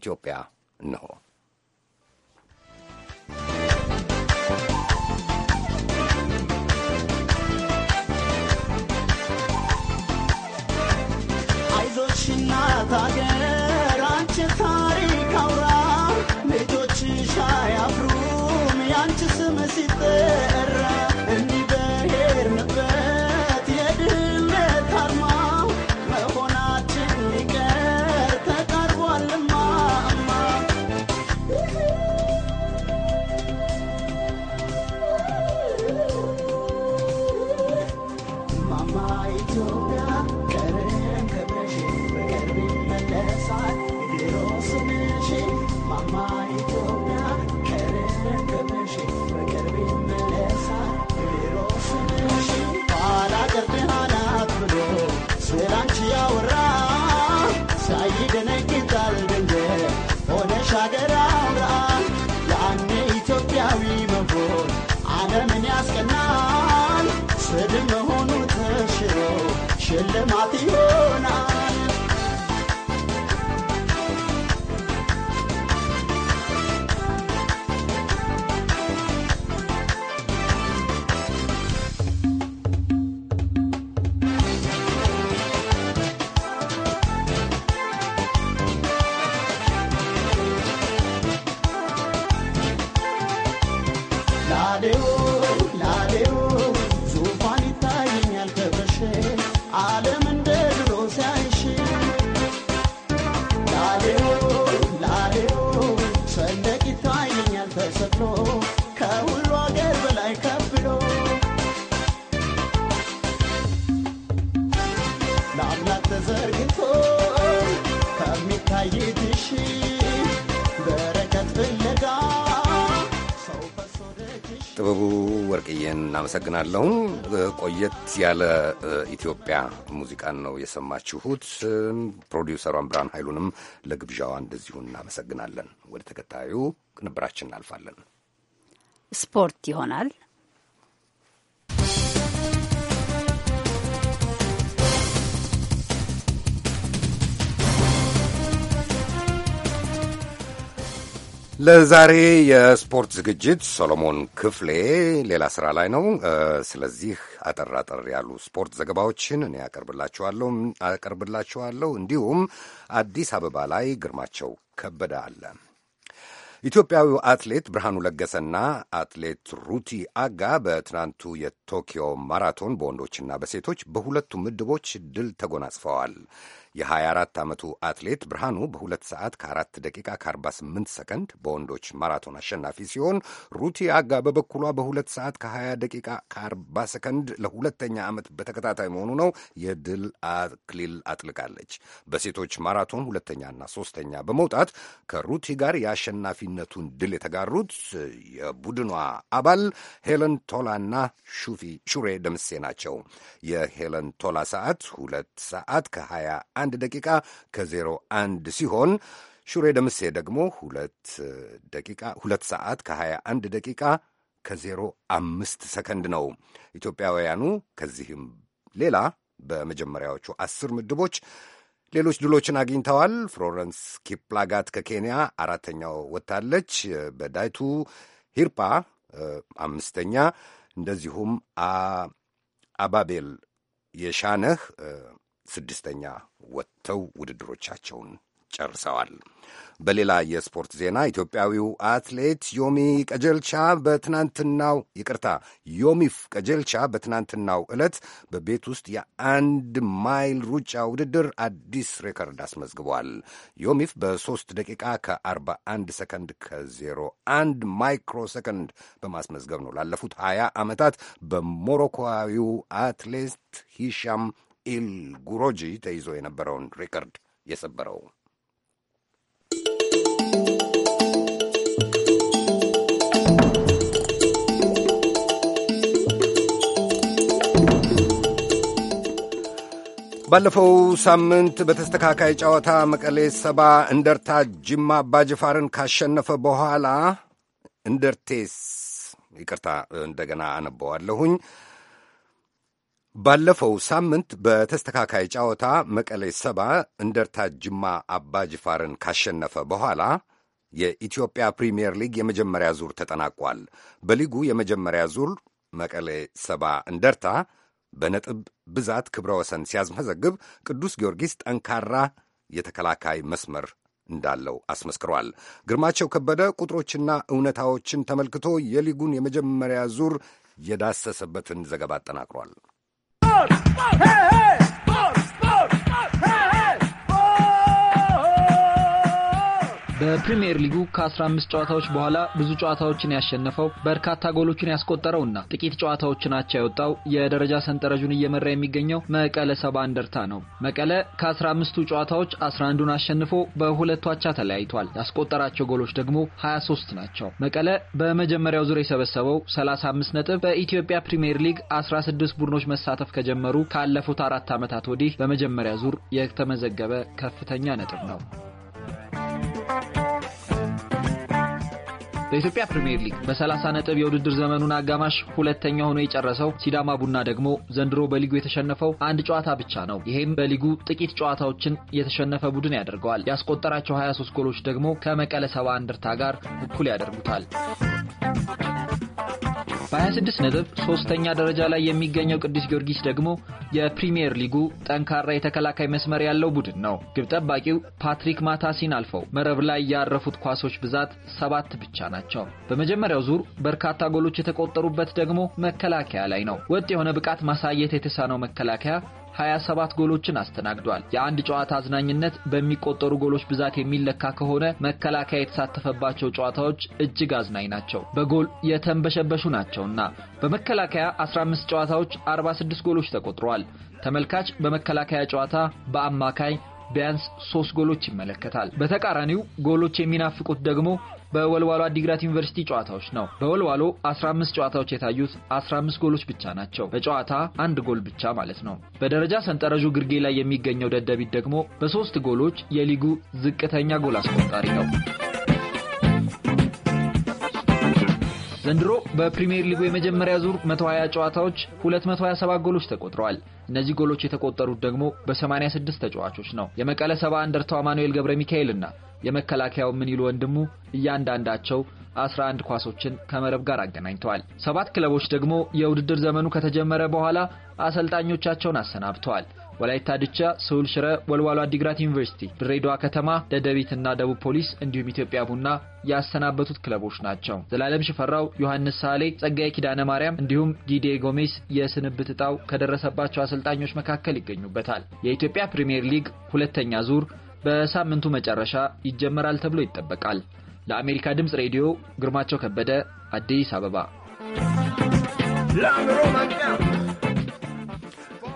ኢትዮጵያ እንሆ አመሰግናለሁ። ቆየት ያለ ኢትዮጵያ ሙዚቃን ነው የሰማችሁት። ፕሮዲውሰሯን ብርሃን ኃይሉንም ለግብዣዋ እንደዚሁ እናመሰግናለን። ወደ ተከታዩ ቅንብራችን እናልፋለን። ስፖርት ይሆናል። ለዛሬ የስፖርት ዝግጅት ሰሎሞን ክፍሌ ሌላ ስራ ላይ ነው። ስለዚህ አጠር አጠር ያሉ ስፖርት ዘገባዎችን እኔ አቀርብላችኋለሁ አቀርብላችኋለሁ። እንዲሁም አዲስ አበባ ላይ ግርማቸው ከበደ አለ። ኢትዮጵያዊው አትሌት ብርሃኑ ለገሰና አትሌት ሩቲ አጋ በትናንቱ ቶኪዮ ማራቶን በወንዶችና በሴቶች በሁለቱም ምድቦች ድል ተጎናጽፈዋል። የ24 ዓመቱ አትሌት ብርሃኑ በ2 ሰዓት ከ4 ደቂቃ ከ48 ሰከንድ በወንዶች ማራቶን አሸናፊ ሲሆን ሩቲ አጋ በበኩሏ በ2 ሰዓት ከ20 ደቂቃ ከ40 ሰከንድ ለሁለተኛ ዓመት በተከታታይ መሆኑ ነው የድል አክሊል አጥልቃለች። በሴቶች ማራቶን ሁለተኛና ሶስተኛ በመውጣት ከሩቲ ጋር የአሸናፊነቱን ድል የተጋሩት የቡድኗ አባል ሄለን ቶላና ሹፌ ኃላፊ ሹሬ ደምሴ ናቸው። የሄለን ቶላ ሰዓት ሁለት ሰዓት ከ21 ደቂቃ ከ01 ሲሆን ሹሬ ደምሴ ደግሞ ሁለት ደቂቃ ሁለት ሰዓት ከ21 ደቂቃ ከ05 ሰከንድ ነው። ኢትዮጵያውያኑ ከዚህም ሌላ በመጀመሪያዎቹ አስር ምድቦች ሌሎች ድሎችን አግኝተዋል። ፍሎረንስ ኪፕላጋት ከኬንያ አራተኛው ወጥታለች። በዳይቱ ሂርፓ አምስተኛ እንደዚሁም አባቤል የሻነህ ስድስተኛ ወጥተው ውድድሮቻቸውን ጨርሰዋል። በሌላ የስፖርት ዜና ኢትዮጵያዊው አትሌት ዮሚ ቀጀልቻ በትናንትናው ይቅርታ፣ ዮሚፍ ቀጀልቻ በትናንትናው ዕለት በቤት ውስጥ የአንድ ማይል ሩጫ ውድድር አዲስ ሬከርድ አስመዝግቧል። ዮሚፍ በሦስት ደቂቃ ከ41 ሰከንድ ከ01 ማይክሮ ሰከንድ በማስመዝገብ ነው ላለፉት 20 ዓመታት በሞሮኮዊው አትሌት ሂሻም ኢል ጉሮጂ ተይዞ የነበረውን ሬከርድ የሰበረው። ባለፈው ሳምንት በተስተካካይ ጨዋታ መቀሌ ሰባ እንደርታ ጅማ አባጅፋርን ካሸነፈ በኋላ እንደርቴስ ይቅርታ፣ እንደገና አነበዋለሁኝ። ባለፈው ሳምንት በተስተካካይ ጨዋታ መቀሌ ሰባ እንደርታ ጅማ አባጅፋርን ካሸነፈ በኋላ የኢትዮጵያ ፕሪምየር ሊግ የመጀመሪያ ዙር ተጠናቋል። በሊጉ የመጀመሪያ ዙር መቀሌ ሰባ እንደርታ በነጥብ ብዛት ክብረ ወሰን ሲያስመዘግብ ቅዱስ ጊዮርጊስ ጠንካራ የተከላካይ መስመር እንዳለው አስመስክሯል። ግርማቸው ከበደ ቁጥሮችና እውነታዎችን ተመልክቶ የሊጉን የመጀመሪያ ዙር የዳሰሰበትን ዘገባ አጠናቅሯል። በፕሪሚየር ሊጉ ከ15 ጨዋታዎች በኋላ ብዙ ጨዋታዎችን ያሸነፈው በርካታ ጎሎችን ያስቆጠረውና ጥቂት ጨዋታዎችን አቻ ያወጣው የደረጃ ሰንጠረዡን እየመራ የሚገኘው መቀለ ሰባ እንደርታ ነው። መቀለ ከ15ቱ ጨዋታዎች 11ዱን አሸንፎ በሁለቱ አቻ ተለያይቷል። ያስቆጠራቸው ጎሎች ደግሞ 23 ናቸው። መቀለ በመጀመሪያው ዙር የሰበሰበው 35 ነጥብ በኢትዮጵያ ፕሪሚየር ሊግ 16 ቡድኖች መሳተፍ ከጀመሩ ካለፉት አራት ዓመታት ወዲህ በመጀመሪያ ዙር የተመዘገበ ከፍተኛ ነጥብ ነው። በኢትዮጵያ ፕሪምየር ሊግ በ30 ነጥብ የውድድር ዘመኑን አጋማሽ ሁለተኛ ሆኖ የጨረሰው ሲዳማ ቡና ደግሞ ዘንድሮ በሊጉ የተሸነፈው አንድ ጨዋታ ብቻ ነው። ይህም በሊጉ ጥቂት ጨዋታዎችን የተሸነፈ ቡድን ያደርገዋል። ያስቆጠራቸው 23 ጎሎች ደግሞ ከመቀለ ሰባ እንደርታ ጋር እኩል ያደርጉታል። በ26 ነጥብ ሶስተኛ ደረጃ ላይ የሚገኘው ቅዱስ ጊዮርጊስ ደግሞ የፕሪምየር ሊጉ ጠንካራ የተከላካይ መስመር ያለው ቡድን ነው። ግብ ጠባቂው ፓትሪክ ማታሲን አልፈው መረብ ላይ ያረፉት ኳሶች ብዛት ሰባት ብቻ ናቸው። በመጀመሪያው ዙር በርካታ ጎሎች የተቆጠሩበት ደግሞ መከላከያ ላይ ነው። ወጥ የሆነ ብቃት ማሳየት የተሳነው መከላከያ 27 ጎሎችን አስተናግዷል። የአንድ ጨዋታ አዝናኝነት በሚቆጠሩ ጎሎች ብዛት የሚለካ ከሆነ መከላከያ የተሳተፈባቸው ጨዋታዎች እጅግ አዝናኝ ናቸው፣ በጎል የተንበሸበሹ ናቸውና። በመከላከያ 15 ጨዋታዎች 46 ጎሎች ተቆጥረዋል። ተመልካች በመከላከያ ጨዋታ በአማካይ ቢያንስ ሶስት ጎሎች ይመለከታል። በተቃራኒው ጎሎች የሚናፍቁት ደግሞ በወልዋሎ አዲግራት ዩኒቨርሲቲ ጨዋታዎች ነው። በወልዋሎ 15 ጨዋታዎች የታዩት 15 ጎሎች ብቻ ናቸው። በጨዋታ አንድ ጎል ብቻ ማለት ነው። በደረጃ ሰንጠረዡ ግርጌ ላይ የሚገኘው ደደቢት ደግሞ በሶስት ጎሎች የሊጉ ዝቅተኛ ጎል አስቆጣሪ ነው። ዘንድሮ በፕሪሚየር ሊጉ የመጀመሪያ ዙር 120 ጨዋታዎች 227 ጎሎች ተቆጥረዋል። እነዚህ ጎሎች የተቆጠሩት ደግሞ በ86 ተጫዋቾች ነው። የመቀለ ሰባ እንደርታው አማኑኤል ገብረ ሚካኤልና የመከላከያው ምን ይሉ ወንድሙ እያንዳንዳቸው 11 ኳሶችን ከመረብ ጋር አገናኝተዋል። ሰባት ክለቦች ደግሞ የውድድር ዘመኑ ከተጀመረ በኋላ አሰልጣኞቻቸውን አሰናብተዋል። ወላይታ ድቻ፣ ስሁል ሽረ፣ ወልዋሎ አዲግራት ዩኒቨርሲቲ፣ ድሬዳዋ ከተማ፣ እና ደቡብ ፖሊስ እንዲሁም ኢትዮጵያ ቡና ያሰናበቱት ክለቦች ናቸው። ዘላለም ሽፈራው፣ ዮሐንስ ሳሌ፣ ጸጋዬ ኪዳነ ማርያም እንዲሁም ዲዴ ጎሜስ የስንብት እጣው ከደረሰባቸው አሰልጣኞች መካከል ይገኙበታል። የኢትዮጵያ ፕሪምየር ሊግ ሁለተኛ ዙር በሳምንቱ መጨረሻ ይጀመራል ተብሎ ይጠበቃል። ለአሜሪካ ድምፅ ሬዲዮ ግርማቸው ከበደ አዲስ አበባ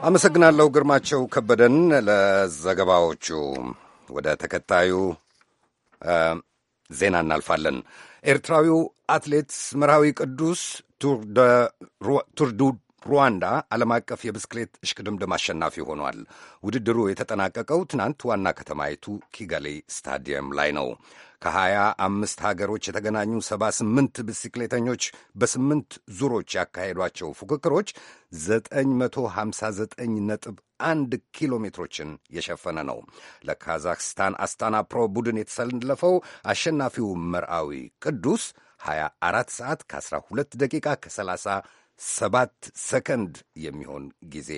አመሰግናለሁ ግርማቸው ከበደን ለዘገባዎቹ። ወደ ተከታዩ ዜና እናልፋለን። ኤርትራዊው አትሌት መርሃዊ ቅዱስ ቱር ሩዋንዳ ዓለም አቀፍ የብስክሌት እሽቅድምድም አሸናፊ ሆኗል። ውድድሩ የተጠናቀቀው ትናንት ዋና ከተማይቱ ኪጋሌ ስታዲየም ላይ ነው። ከሀያ አምስት ሀገሮች የተገናኙ ሰባ ስምንት ብስክሌተኞች በስምንት ዙሮች ያካሄዷቸው ፉክክሮች ዘጠኝ መቶ ሀምሳ ዘጠኝ ነጥብ አንድ ኪሎ ሜትሮችን የሸፈነ ነው። ለካዛክስታን አስታና ፕሮ ቡድን የተሰለፈው አሸናፊው መርአዊ ቅዱስ 24 ሰዓት ከ12 ደቂቃ ከ37 ሰከንድ የሚሆን ጊዜ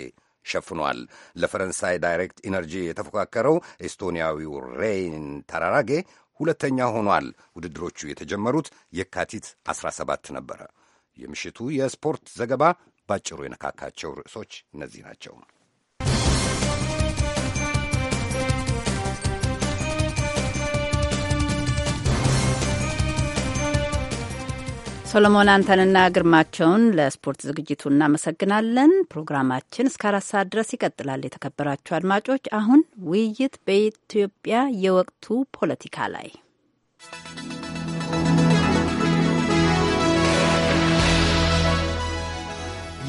ሸፍኗል። ለፈረንሳይ ዳይሬክት ኢነርጂ የተፎካከረው ኤስቶኒያዊው ሬይን ተራራጌ ሁለተኛ ሆኗል። ውድድሮቹ የተጀመሩት የካቲት 17 ነበረ። የምሽቱ የስፖርት ዘገባ ባጭሩ የነካካቸው ርዕሶች እነዚህ ናቸው። ሶሎሞን አንተንና ግርማቸውን ለስፖርት ዝግጅቱ እናመሰግናለን። ፕሮግራማችን እስከ አራት ሰዓት ድረስ ይቀጥላል። የተከበራችሁ አድማጮች፣ አሁን ውይይት በኢትዮጵያ የወቅቱ ፖለቲካ ላይ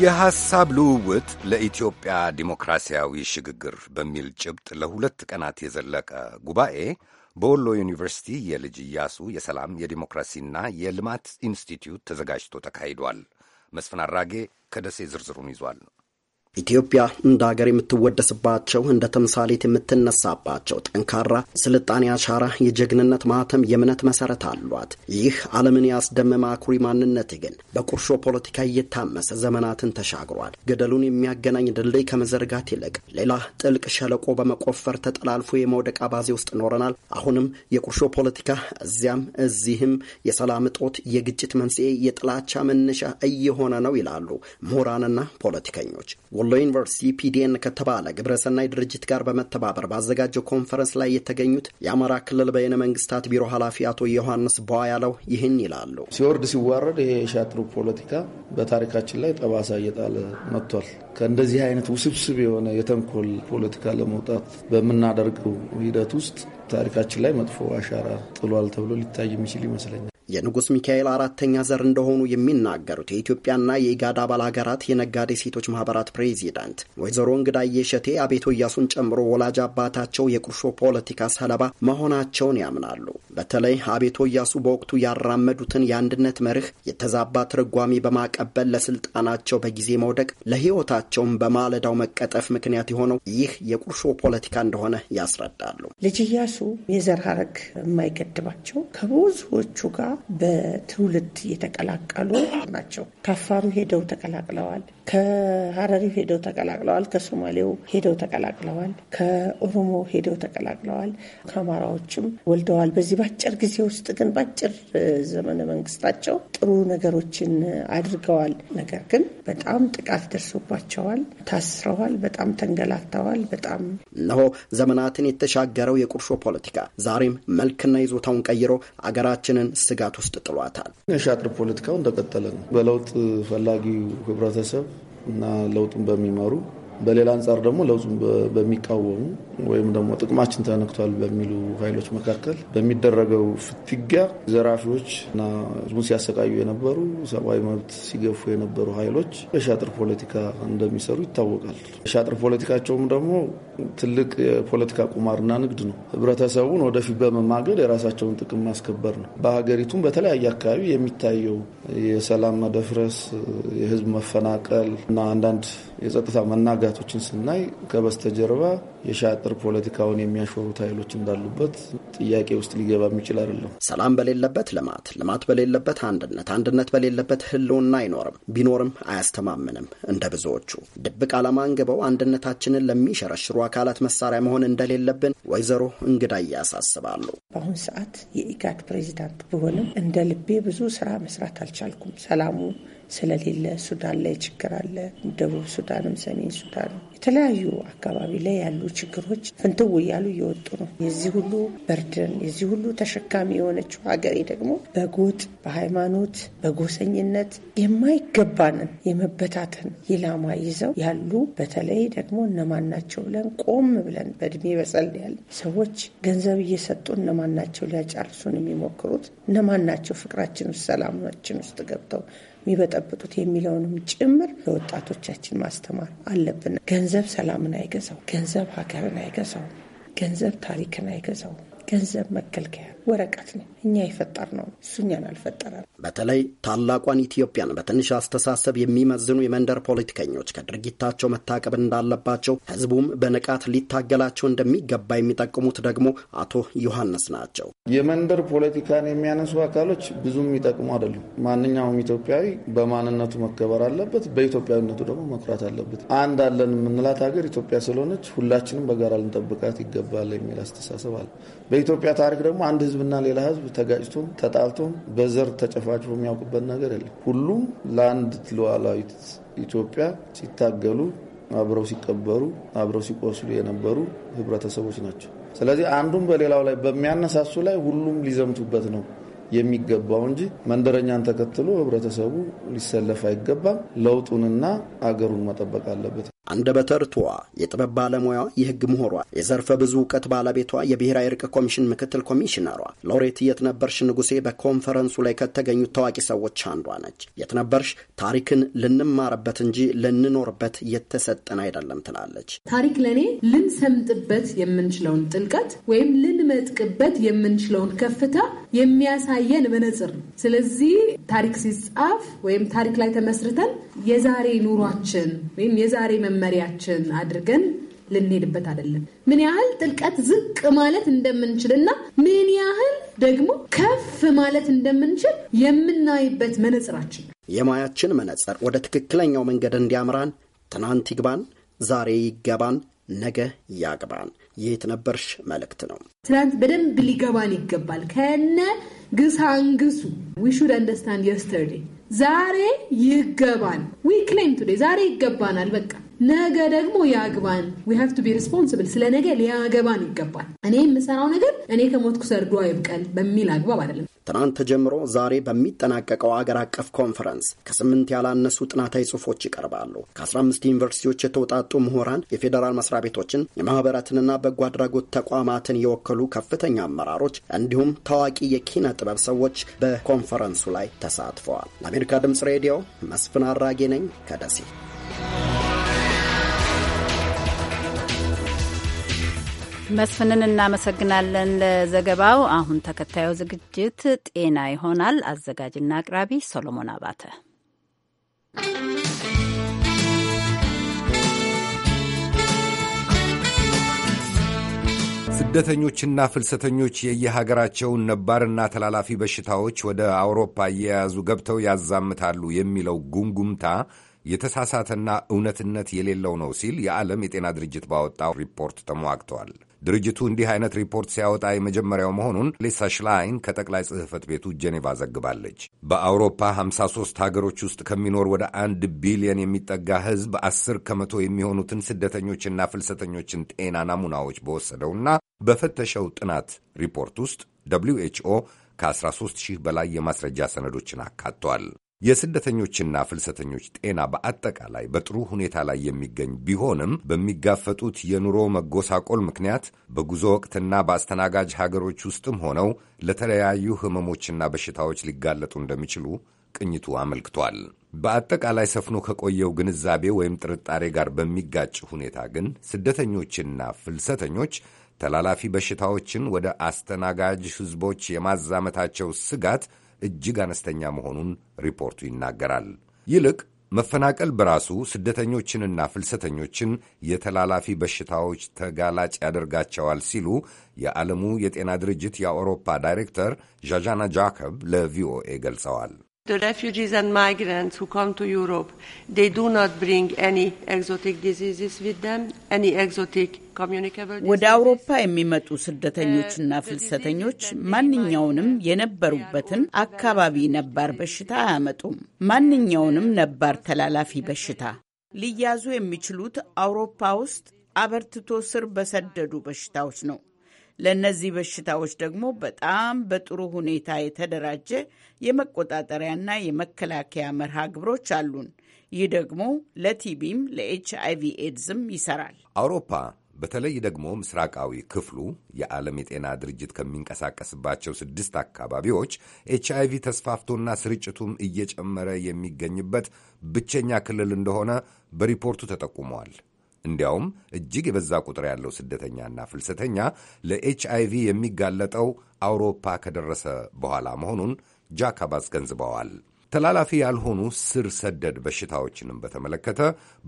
የሐሳብ ልውውጥ ለኢትዮጵያ ዲሞክራሲያዊ ሽግግር በሚል ጭብጥ ለሁለት ቀናት የዘለቀ ጉባኤ በወሎ ዩኒቨርሲቲ የልጅ እያሱ የሰላም የዲሞክራሲና የልማት ኢንስቲትዩት ተዘጋጅቶ ተካሂዷል። መስፍን አራጌ ከደሴ ዝርዝሩን ይዟል። ኢትዮጵያ እንደ ሀገር የምትወደስባቸው እንደ ተምሳሌት የምትነሳባቸው ጠንካራ ስልጣኔ አሻራ፣ የጀግንነት ማህተም፣ የእምነት መሰረት አሏት። ይህ ዓለምን ያስደመመ አኩሪ ማንነት ግን በቁርሾ ፖለቲካ እየታመሰ ዘመናትን ተሻግሯል። ገደሉን የሚያገናኝ ድልድይ ከመዘርጋት ይልቅ ሌላ ጥልቅ ሸለቆ በመቆፈር ተጠላልፎ የመውደቅ አባዜ ውስጥ ኖረናል። አሁንም የቁርሾ ፖለቲካ እዚያም እዚህም የሰላም እጦት፣ የግጭት መንስኤ፣ የጥላቻ መነሻ እየሆነ ነው ይላሉ ምሁራንና ፖለቲከኞች። ከወሎ ዩኒቨርሲቲ ፒዲኤን ከተባለ ግብረሰናይ ድርጅት ጋር በመተባበር ባዘጋጀው ኮንፈረንስ ላይ የተገኙት የአማራ ክልል በይነ መንግስታት ቢሮ ኃላፊ አቶ ዮሐንስ በዋ ያለው ይህን ይላሉ። ሲወርድ ሲዋረድ ይሄ የሻጥሩ ፖለቲካ በታሪካችን ላይ ጠባሳ እየጣለ መጥቷል። ከእንደዚህ አይነት ውስብስብ የሆነ የተንኮል ፖለቲካ ለመውጣት በምናደርገው ሂደት ውስጥ ታሪካችን ላይ መጥፎ አሻራ ጥሏል ተብሎ ሊታይ የሚችል ይመስለኛል። የንጉሥ ሚካኤል አራተኛ ዘር እንደሆኑ የሚናገሩት የኢትዮጵያና የኢጋድ አባል ሀገራት የነጋዴ ሴቶች ማህበራት ፕሬዚዳንት ወይዘሮ እንግዳዬ ሸቴ አቤቶ እያሱን ጨምሮ ወላጅ አባታቸው የቁርሾ ፖለቲካ ሰለባ መሆናቸውን ያምናሉ። በተለይ አቤቶ እያሱ በወቅቱ ያራመዱትን የአንድነት መርህ የተዛባ ትርጓሜ በማቀበል ለስልጣናቸው በጊዜ መውደቅ ለሕይወታቸውም በማለዳው መቀጠፍ ምክንያት የሆነው ይህ የቁርሾ ፖለቲካ እንደሆነ ያስረዳሉ። ልጅ እያሱ የዘር ሀረግ የማይገድባቸው ከብዙዎቹ ጋር በትውልድ የተቀላቀሉ ናቸው። ከአፋሩ ሄደው ተቀላቅለዋል። ከሀረሪው ሄደው ተቀላቅለዋል። ከሶማሌው ሄደው ተቀላቅለዋል። ከኦሮሞ ሄደው ተቀላቅለዋል። ከአማራዎችም ወልደዋል። በዚህ በአጭር ጊዜ ውስጥ ግን በአጭር ዘመነ መንግስታቸው ጥሩ ነገሮችን አድርገዋል። ነገር ግን በጣም ጥቃት ደርሶባቸዋል፣ ታስረዋል፣ በጣም ተንገላተዋል። በጣም እነሆ ዘመናትን የተሻገረው የቁርሾ ፖለቲካ ዛሬም መልክና ይዞታውን ቀይሮ አገራችንን ስጋ ስጋት ውስጥ ጥሏታል። የሻጥር ፖለቲካው እንደቀጠለ ነው። በለውጥ ፈላጊው ህብረተሰብ እና ለውጡን በሚመሩ በሌላ አንጻር ደግሞ ለውጡ በሚቃወሙ ወይም ደግሞ ጥቅማችን ተነክቷል በሚሉ ኃይሎች መካከል በሚደረገው ፍትጊያ ዘራፊዎች እና ህዝቡን ሲያሰቃዩ የነበሩ ሰብአዊ መብት ሲገፉ የነበሩ ኃይሎች የሻጥር ፖለቲካ እንደሚሰሩ ይታወቃል። የሻጥር ፖለቲካቸውም ደግሞ ትልቅ የፖለቲካ ቁማርና ንግድ ነው። ህብረተሰቡን ወደፊት በመማገድ የራሳቸውን ጥቅም ማስከበር ነው። በሀገሪቱም በተለያየ አካባቢ የሚታየው የሰላም መደፍረስ፣ የህዝብ መፈናቀል እና አንዳንድ የጸጥታ መናገር ጉዳቶችን ስናይ ከበስተጀርባ የሻጥር ፖለቲካውን የሚያሾሩት ኃይሎች እንዳሉበት ጥያቄ ውስጥ ሊገባ የሚችል አይደለም። ሰላም በሌለበት ልማት፣ ልማት በሌለበት አንድነት፣ አንድነት በሌለበት ህልውና አይኖርም። ቢኖርም አያስተማምንም። እንደ ብዙዎቹ ድብቅ ዓላማ አንግበው አንድነታችንን ለሚሸረሽሩ አካላት መሳሪያ መሆን እንደሌለብን ወይዘሮ እንግዳ እያሳስባሉ። በአሁን ሰዓት የኢጋድ ፕሬዚዳንት ብሆንም እንደ ልቤ ብዙ ስራ መስራት አልቻልኩም። ሰላሙ ስለሌለ ሱዳን ላይ ችግር አለ። ደቡብ ሱዳንም ሰሜን ሱዳንም የተለያዩ አካባቢ ላይ ያሉ ችግሮች ፍንትው እያሉ እየወጡ ነው። የዚህ ሁሉ በርድን የዚህ ሁሉ ተሸካሚ የሆነችው ሀገሬ ደግሞ በጎጥ በሃይማኖት በጎሰኝነት የማይገባንን የመበታተን ይላማ ይዘው ያሉ በተለይ ደግሞ እነማን ናቸው ብለን ቆም ብለን በእድሜ በጸል ያለ ሰዎች ገንዘብ እየሰጡ እነማን ናቸው ሊያጫርሱን የሚሞክሩት እነማን ናቸው ፍቅራችን ውስጥ ሰላማችን ውስጥ ገብተው የሚበጠብጡት የሚለውንም ጭምር ለወጣቶቻችን ማስተማር አለብን። ገንዘብ ሰላምን አይገዛው። ገንዘብ ሀገርን አይገዛው። ገንዘብ ታሪክን አይገዛው። ገንዘብ መገልገያ ወረቀት ነው፣ እኛ የፈጠር ነው፣ እሱ እኛን አልፈጠረም። በተለይ ታላቋን ኢትዮጵያን በትንሽ አስተሳሰብ የሚመዝኑ የመንደር ፖለቲከኞች ከድርጊታቸው መታቀብ እንዳለባቸው፣ ህዝቡም በንቃት ሊታገላቸው እንደሚገባ የሚጠቅሙት ደግሞ አቶ ዮሐንስ ናቸው። የመንደር ፖለቲካን የሚያነሱ አካሎች ብዙም የሚጠቅሙ አይደሉም። ማንኛውም ኢትዮጵያዊ በማንነቱ መከበር አለበት፣ በኢትዮጵያዊነቱ ደግሞ መኩራት አለበት። አንድ አለን የምንላት ሀገር ኢትዮጵያ ስለሆነች ሁላችንም በጋራ ልንጠብቃት ይገባል የሚል አስተሳሰብ አለ። በኢትዮጵያ ታሪክ ደግሞ አንድ ህዝብ ህዝብና ሌላ ህዝብ ተጋጭቶ ተጣልቶ በዘር ተጨፋጭፎ የሚያውቁበት ነገር የለም። ሁሉም ለአንድ ሉዓላዊት ኢትዮጵያ ሲታገሉ አብረው ሲቀበሩ አብረው ሲቆስሉ የነበሩ ህብረተሰቦች ናቸው። ስለዚህ አንዱም በሌላው ላይ በሚያነሳሱ ላይ ሁሉም ሊዘምቱበት ነው የሚገባው እንጂ መንደረኛን ተከትሎ ህብረተሰቡ ሊሰለፍ አይገባም። ለውጡንና አገሩን መጠበቅ አለበት። አንደበተ ርቱዋ የጥበብ ባለሙያዋ የህግ ምሁሯ የዘርፈ ብዙ እውቀት ባለቤቷ የብሔራዊ እርቅ ኮሚሽን ምክትል ኮሚሽነሯ ሎሬት የትነበርሽ ንጉሴ በኮንፈረንሱ ላይ ከተገኙት ታዋቂ ሰዎች አንዷ ነች። የትነበርሽ ታሪክን ልንማርበት እንጂ ልንኖርበት የተሰጠን አይደለም ትላለች። ታሪክ ለእኔ ልንሰምጥበት የምንችለውን ጥልቀት ወይም ልንመጥቅበት የምንችለውን ከፍታ የሚያሳየን መነጽር ነው። ስለዚህ ታሪክ ሲጻፍ ወይም ታሪክ ላይ ተመስርተን የዛሬ ኑሯችን ወይም የዛሬ መመሪያችን አድርገን ልንሄድበት አይደለም። ምን ያህል ጥልቀት ዝቅ ማለት እንደምንችል እና ምን ያህል ደግሞ ከፍ ማለት እንደምንችል የምናይበት መነጽራችን የማያችን መነጽር ወደ ትክክለኛው መንገድ እንዲያምራን ትናንት ይግባን፣ ዛሬ ይገባን፣ ነገ ያግባን የት ነበርሽ መልእክት ነው። ትናንት በደንብ ሊገባን ይገባል። ከነ ግሳንግሱ ዊ ሹድ አንደርስታንድ የስተርዴ ዛሬ ይገባን፣ ዊ ክሌም ቱዴ ዛሬ ይገባናል በቃ ነገ ደግሞ ያግባን ዊ ሃቭ ቱ ቢ ሪስፖንስብል ስለ ነገ ሊያገባን ይገባል። እኔ የምሰራው ነገር እኔ ከሞትኩ ሰርዶ አይብቀል በሚል አግባብ አይደለም። ትናንት ተጀምሮ ዛሬ በሚጠናቀቀው አገር አቀፍ ኮንፈረንስ ከስምንት ያላነሱ ጥናታዊ ጽሁፎች ይቀርባሉ። ከ15 ዩኒቨርሲቲዎች የተውጣጡ ምሁራን፣ የፌዴራል መስሪያ ቤቶችን፣ የማህበራትንና በጎ አድራጎት ተቋማትን የወከሉ ከፍተኛ አመራሮች እንዲሁም ታዋቂ የኪነ ጥበብ ሰዎች በኮንፈረንሱ ላይ ተሳትፈዋል። ለአሜሪካ ድምጽ ሬዲዮ መስፍን አራጌ ነኝ ከደሴ። መስፍንን እናመሰግናለን ለዘገባው። አሁን ተከታዩ ዝግጅት ጤና ይሆናል። አዘጋጅና አቅራቢ ሶሎሞን አባተ። ስደተኞችና ፍልሰተኞች የየሀገራቸውን ነባርና ተላላፊ በሽታዎች ወደ አውሮፓ እየያዙ ገብተው ያዛምታሉ የሚለው ጉንጉምታ የተሳሳተና እውነትነት የሌለው ነው ሲል የዓለም የጤና ድርጅት ባወጣው ሪፖርት ተሟግተዋል። ድርጅቱ እንዲህ አይነት ሪፖርት ሲያወጣ የመጀመሪያው መሆኑን ሊሳ ሽላይን ከጠቅላይ ጽሕፈት ቤቱ ጄኔቫ ዘግባለች። በአውሮፓ 53 ሀገሮች ውስጥ ከሚኖር ወደ አንድ ቢሊየን የሚጠጋ ህዝብ 10 ከመቶ የሚሆኑትን ስደተኞችና ፍልሰተኞችን ጤና ናሙናዎች በወሰደውና በፈተሸው ጥናት ሪፖርት ውስጥ ደብሊው ኤችኦ ከ13 ሺህ በላይ የማስረጃ ሰነዶችን አካቷል። የስደተኞችና ፍልሰተኞች ጤና በአጠቃላይ በጥሩ ሁኔታ ላይ የሚገኝ ቢሆንም በሚጋፈጡት የኑሮ መጎሳቆል ምክንያት በጉዞ ወቅትና በአስተናጋጅ ሀገሮች ውስጥም ሆነው ለተለያዩ ህመሞችና በሽታዎች ሊጋለጡ እንደሚችሉ ቅኝቱ አመልክቷል። በአጠቃላይ ሰፍኖ ከቆየው ግንዛቤ ወይም ጥርጣሬ ጋር በሚጋጭ ሁኔታ ግን ስደተኞችና ፍልሰተኞች ተላላፊ በሽታዎችን ወደ አስተናጋጅ ህዝቦች የማዛመታቸው ስጋት እጅግ አነስተኛ መሆኑን ሪፖርቱ ይናገራል። ይልቅ መፈናቀል በራሱ ስደተኞችንና ፍልሰተኞችን የተላላፊ በሽታዎች ተጋላጭ ያደርጋቸዋል ሲሉ የዓለሙ የጤና ድርጅት የአውሮፓ ዳይሬክተር ዣዣና ጃከብ ለቪኦኤ ገልጸዋል። The refugees and migrants who come to Europe, they do not bring any exotic diseases with them, any exotic ወደ አውሮፓ የሚመጡ ስደተኞችና uh, ፍልሰተኞች ማንኛውንም የነበሩበትን አካባቢ ነባር በሽታ አያመጡም። ማንኛውንም uh, ነባር ተላላፊ በሽታ ሊያዙ የሚችሉት አውሮፓ ውስጥ አበርትቶ ስር በሰደዱ በሽታዎች ነው። ለእነዚህ በሽታዎች ደግሞ በጣም በጥሩ ሁኔታ የተደራጀ የመቆጣጠሪያና የመከላከያ መርሃ ግብሮች አሉን። ይህ ደግሞ ለቲቢም ለኤች አይቪ ኤድዝም ይሰራል። አውሮፓ በተለይ ደግሞ ምስራቃዊ ክፍሉ የዓለም የጤና ድርጅት ከሚንቀሳቀስባቸው ስድስት አካባቢዎች ኤች አይቪ ተስፋፍቶና ስርጭቱም እየጨመረ የሚገኝበት ብቸኛ ክልል እንደሆነ በሪፖርቱ ተጠቁመዋል። እንዲያውም እጅግ የበዛ ቁጥር ያለው ስደተኛና ፍልሰተኛ ለኤች ቪ የሚጋለጠው አውሮፓ ከደረሰ በኋላ መሆኑን ጃካብ አስገንዝበዋል። ተላላፊ ያልሆኑ ስር ሰደድ በሽታዎችንም በተመለከተ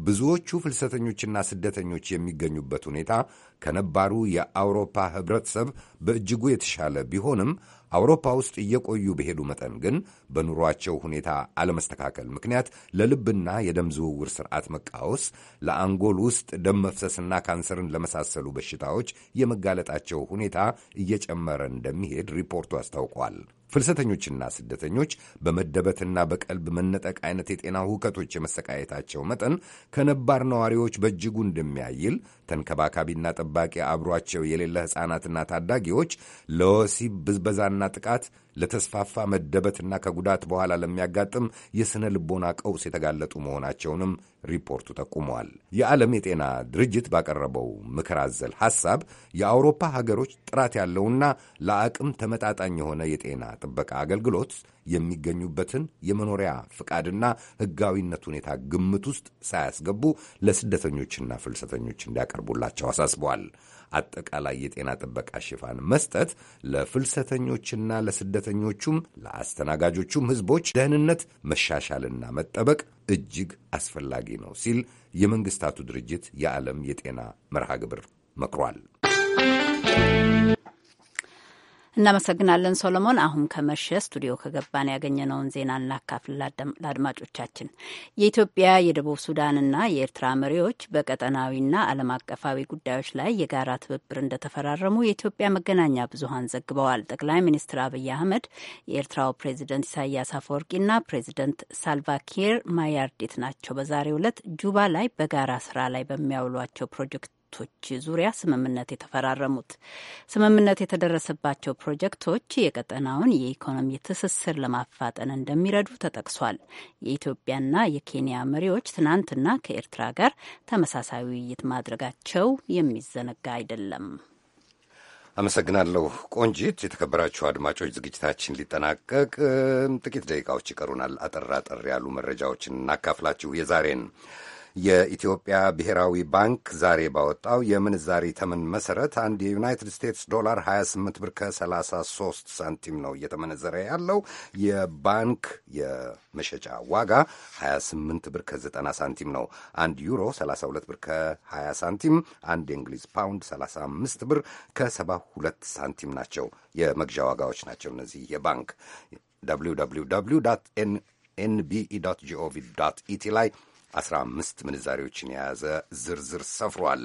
ብዙዎቹ ፍልሰተኞችና ስደተኞች የሚገኙበት ሁኔታ ከነባሩ የአውሮፓ ህብረተሰብ በእጅጉ የተሻለ ቢሆንም አውሮፓ ውስጥ እየቆዩ በሄዱ መጠን ግን በኑሯቸው ሁኔታ አለመስተካከል ምክንያት ለልብና የደም ዝውውር ስርዓት መቃወስ፣ ለአንጎል ውስጥ ደም መፍሰስና ካንሰርን ለመሳሰሉ በሽታዎች የመጋለጣቸው ሁኔታ እየጨመረ እንደሚሄድ ሪፖርቱ አስታውቋል። ፍልሰተኞችና ስደተኞች በመደበትና በቀልብ መነጠቅ አይነት የጤና ሁከቶች የመሰቃየታቸው መጠን ከነባር ነዋሪዎች በእጅጉ እንደሚያይል ተንከባካቢና ጠባቂ አብሯቸው የሌለ ሕፃናትና ታዳጊዎች ለወሲብ ብዝበዛና ጥቃት ለተስፋፋ መደበትና ከጉዳት በኋላ ለሚያጋጥም የሥነ ልቦና ቀውስ የተጋለጡ መሆናቸውንም ሪፖርቱ ጠቁመዋል። የዓለም የጤና ድርጅት ባቀረበው ምክር አዘል ሐሳብ የአውሮፓ ሀገሮች ጥራት ያለውና ለአቅም ተመጣጣኝ የሆነ የጤና ጥበቃ አገልግሎት የሚገኙበትን የመኖሪያ ፍቃድና ሕጋዊነት ሁኔታ ግምት ውስጥ ሳያስገቡ ለስደተኞችና ፍልሰተኞች እንዲያቀርቡላቸው አሳስበዋል። አጠቃላይ የጤና ጥበቃ ሽፋን መስጠት ለፍልሰተኞችና ለስደተኞቹም ለአስተናጋጆቹም ህዝቦች ደህንነት መሻሻልና መጠበቅ እጅግ አስፈላጊ ነው ሲል የመንግስታቱ ድርጅት የዓለም የጤና መርሃ ግብር መክሯል። እናመሰግናለን ሶሎሞን። አሁን ከመሸ ስቱዲዮ ከገባን ያገኘነውን ዜና እናካፍል ለአድማጮቻችን። የኢትዮጵያ የደቡብ ሱዳንና የኤርትራ መሪዎች በቀጠናዊና ዓለም አቀፋዊ ጉዳዮች ላይ የጋራ ትብብር እንደተፈራረሙ የኢትዮጵያ መገናኛ ብዙኃን ዘግበዋል። ጠቅላይ ሚኒስትር አብይ አህመድ የኤርትራው ፕሬዚደንት ኢሳያስ አፈወርቂና ፕሬዚደንት ሳልቫኪር ማያርዲት ናቸው በዛሬው ዕለት ጁባ ላይ በጋራ ስራ ላይ በሚያውሏቸው ፕሮጀክት ፕሮጀክቶች ዙሪያ ስምምነት የተፈራረሙት። ስምምነት የተደረሰባቸው ፕሮጀክቶች የቀጠናውን የኢኮኖሚ ትስስር ለማፋጠን እንደሚረዱ ተጠቅሷል። የኢትዮጵያና የኬንያ መሪዎች ትናንትና ከኤርትራ ጋር ተመሳሳይ ውይይት ማድረጋቸው የሚዘነጋ አይደለም። አመሰግናለሁ ቆንጂት። የተከበራችሁ አድማጮች ዝግጅታችን ሊጠናቀቅ ጥቂት ደቂቃዎች ይቀሩናል። አጠር አጠር ያሉ መረጃዎችን እናካፍላችሁ የዛሬን የኢትዮጵያ ብሔራዊ ባንክ ዛሬ ባወጣው የምንዛሪ ተመን መሰረት አንድ የዩናይትድ ስቴትስ ዶላር 28 ብር ከ33 ሳንቲም ነው እየተመነዘረ ያለው። የባንክ የመሸጫ ዋጋ 28 ብር ከ90 ሳንቲም ነው። አንድ ዩሮ 32 ብር ከ20 ሳንቲም፣ አንድ የእንግሊዝ ፓውንድ 35 ብር ከ72 ሳንቲም ናቸው። የመግዣ ዋጋዎች ናቸው እነዚህ የባንክ www ኤንቢኢ ጂኦቪ ኢቲ ላይ 15 ምንዛሪዎችን ምንዛሬዎችን የያዘ ዝርዝር ሰፍሯል።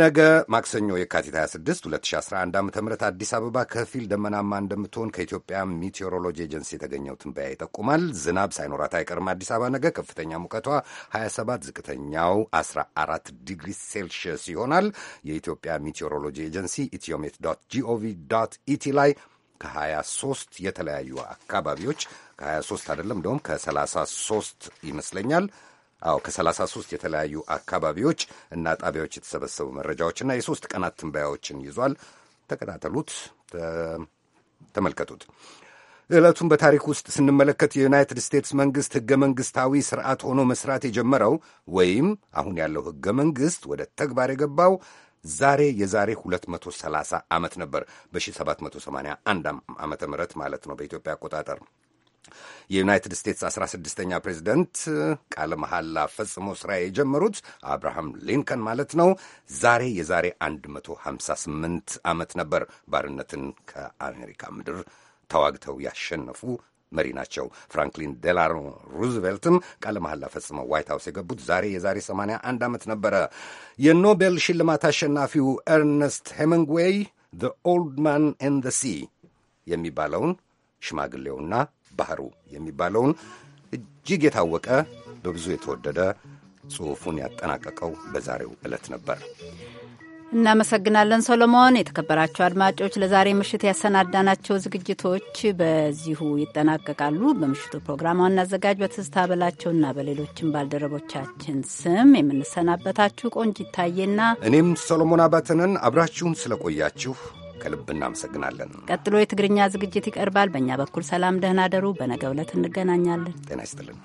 ነገ ማክሰኞ የካቲት 26 2011 ዓ ም አዲስ አበባ ከፊል ደመናማ እንደምትሆን ከኢትዮጵያ ሚቴዎሮሎጂ ኤጀንሲ የተገኘው ትንበያ ይጠቁማል። ዝናብ ሳይኖራት አይቀርም። አዲስ አበባ ነገ ከፍተኛ ሙቀቷ 27፣ ዝቅተኛው 14 ዲግሪ ሴልሽየስ ይሆናል። የኢትዮጵያ ሚቴዎሮሎጂ ኤጀንሲ ኢትዮሜት ጂኦቪ ኢቲ ላይ ከ23 የተለያዩ አካባቢዎች ከ23 አይደለም እንደውም ከ33 ይመስለኛል አዎ ከ33 የተለያዩ አካባቢዎች እና ጣቢያዎች የተሰበሰቡ መረጃዎችና የሶስት ቀናት ትንበያዎችን ይዟል። ተከታተሉት፣ ተመልከቱት። ዕለቱን በታሪክ ውስጥ ስንመለከት የዩናይትድ ስቴትስ መንግሥት ሕገ መንግሥታዊ ስርዓት ሆኖ መስራት የጀመረው ወይም አሁን ያለው ሕገ መንግሥት ወደ ተግባር የገባው ዛሬ የዛሬ 230 ዓመት ነበር በ1781 ዓመተ ምህረት ማለት ነው በኢትዮጵያ አቆጣጠር። የዩናይትድ ስቴትስ 16ኛ ፕሬዚደንት ቃለ መሐላ ፈጽሞ ስራ የጀመሩት አብርሃም ሊንከን ማለት ነው ዛሬ የዛሬ 158 ዓመት ነበር። ባርነትን ከአሜሪካ ምድር ተዋግተው ያሸነፉ መሪ ናቸው። ፍራንክሊን ዴላኖ ሩዝቬልትም ቃለ መሐላ ፈጽመው ዋይት ሀውስ የገቡት ዛሬ የዛሬ 81 ዓመት ነበረ። የኖቤል ሽልማት አሸናፊው ኤርነስት ሄሚንግዌይ ዘ ኦልድ ማን ኤንድ ዘ ሲ የሚባለውን ሽማግሌውና ባህሩ የሚባለውን እጅግ የታወቀ በብዙ የተወደደ ጽሑፉን ያጠናቀቀው በዛሬው ዕለት ነበር። እናመሰግናለን ሰሎሞን። የተከበራቸው አድማጮች ለዛሬ ምሽት ያሰናዳናቸው ዝግጅቶች በዚሁ ይጠናቀቃሉ። በምሽቱ ፕሮግራም ዋና አዘጋጅ በትዝታ በላቸውና በሌሎችም ባልደረቦቻችን ስም የምንሰናበታችሁ ቆንጅ ይታየና እኔም ሰሎሞን አባተንን አብራችሁን ስለቆያችሁ ከልብ እናመሰግናለን። ቀጥሎ የትግርኛ ዝግጅት ይቀርባል። በእኛ በኩል ሰላም፣ ደህና ደሩ። በነገ ዕለት እንገናኛለን። ጤና ይስጥልን።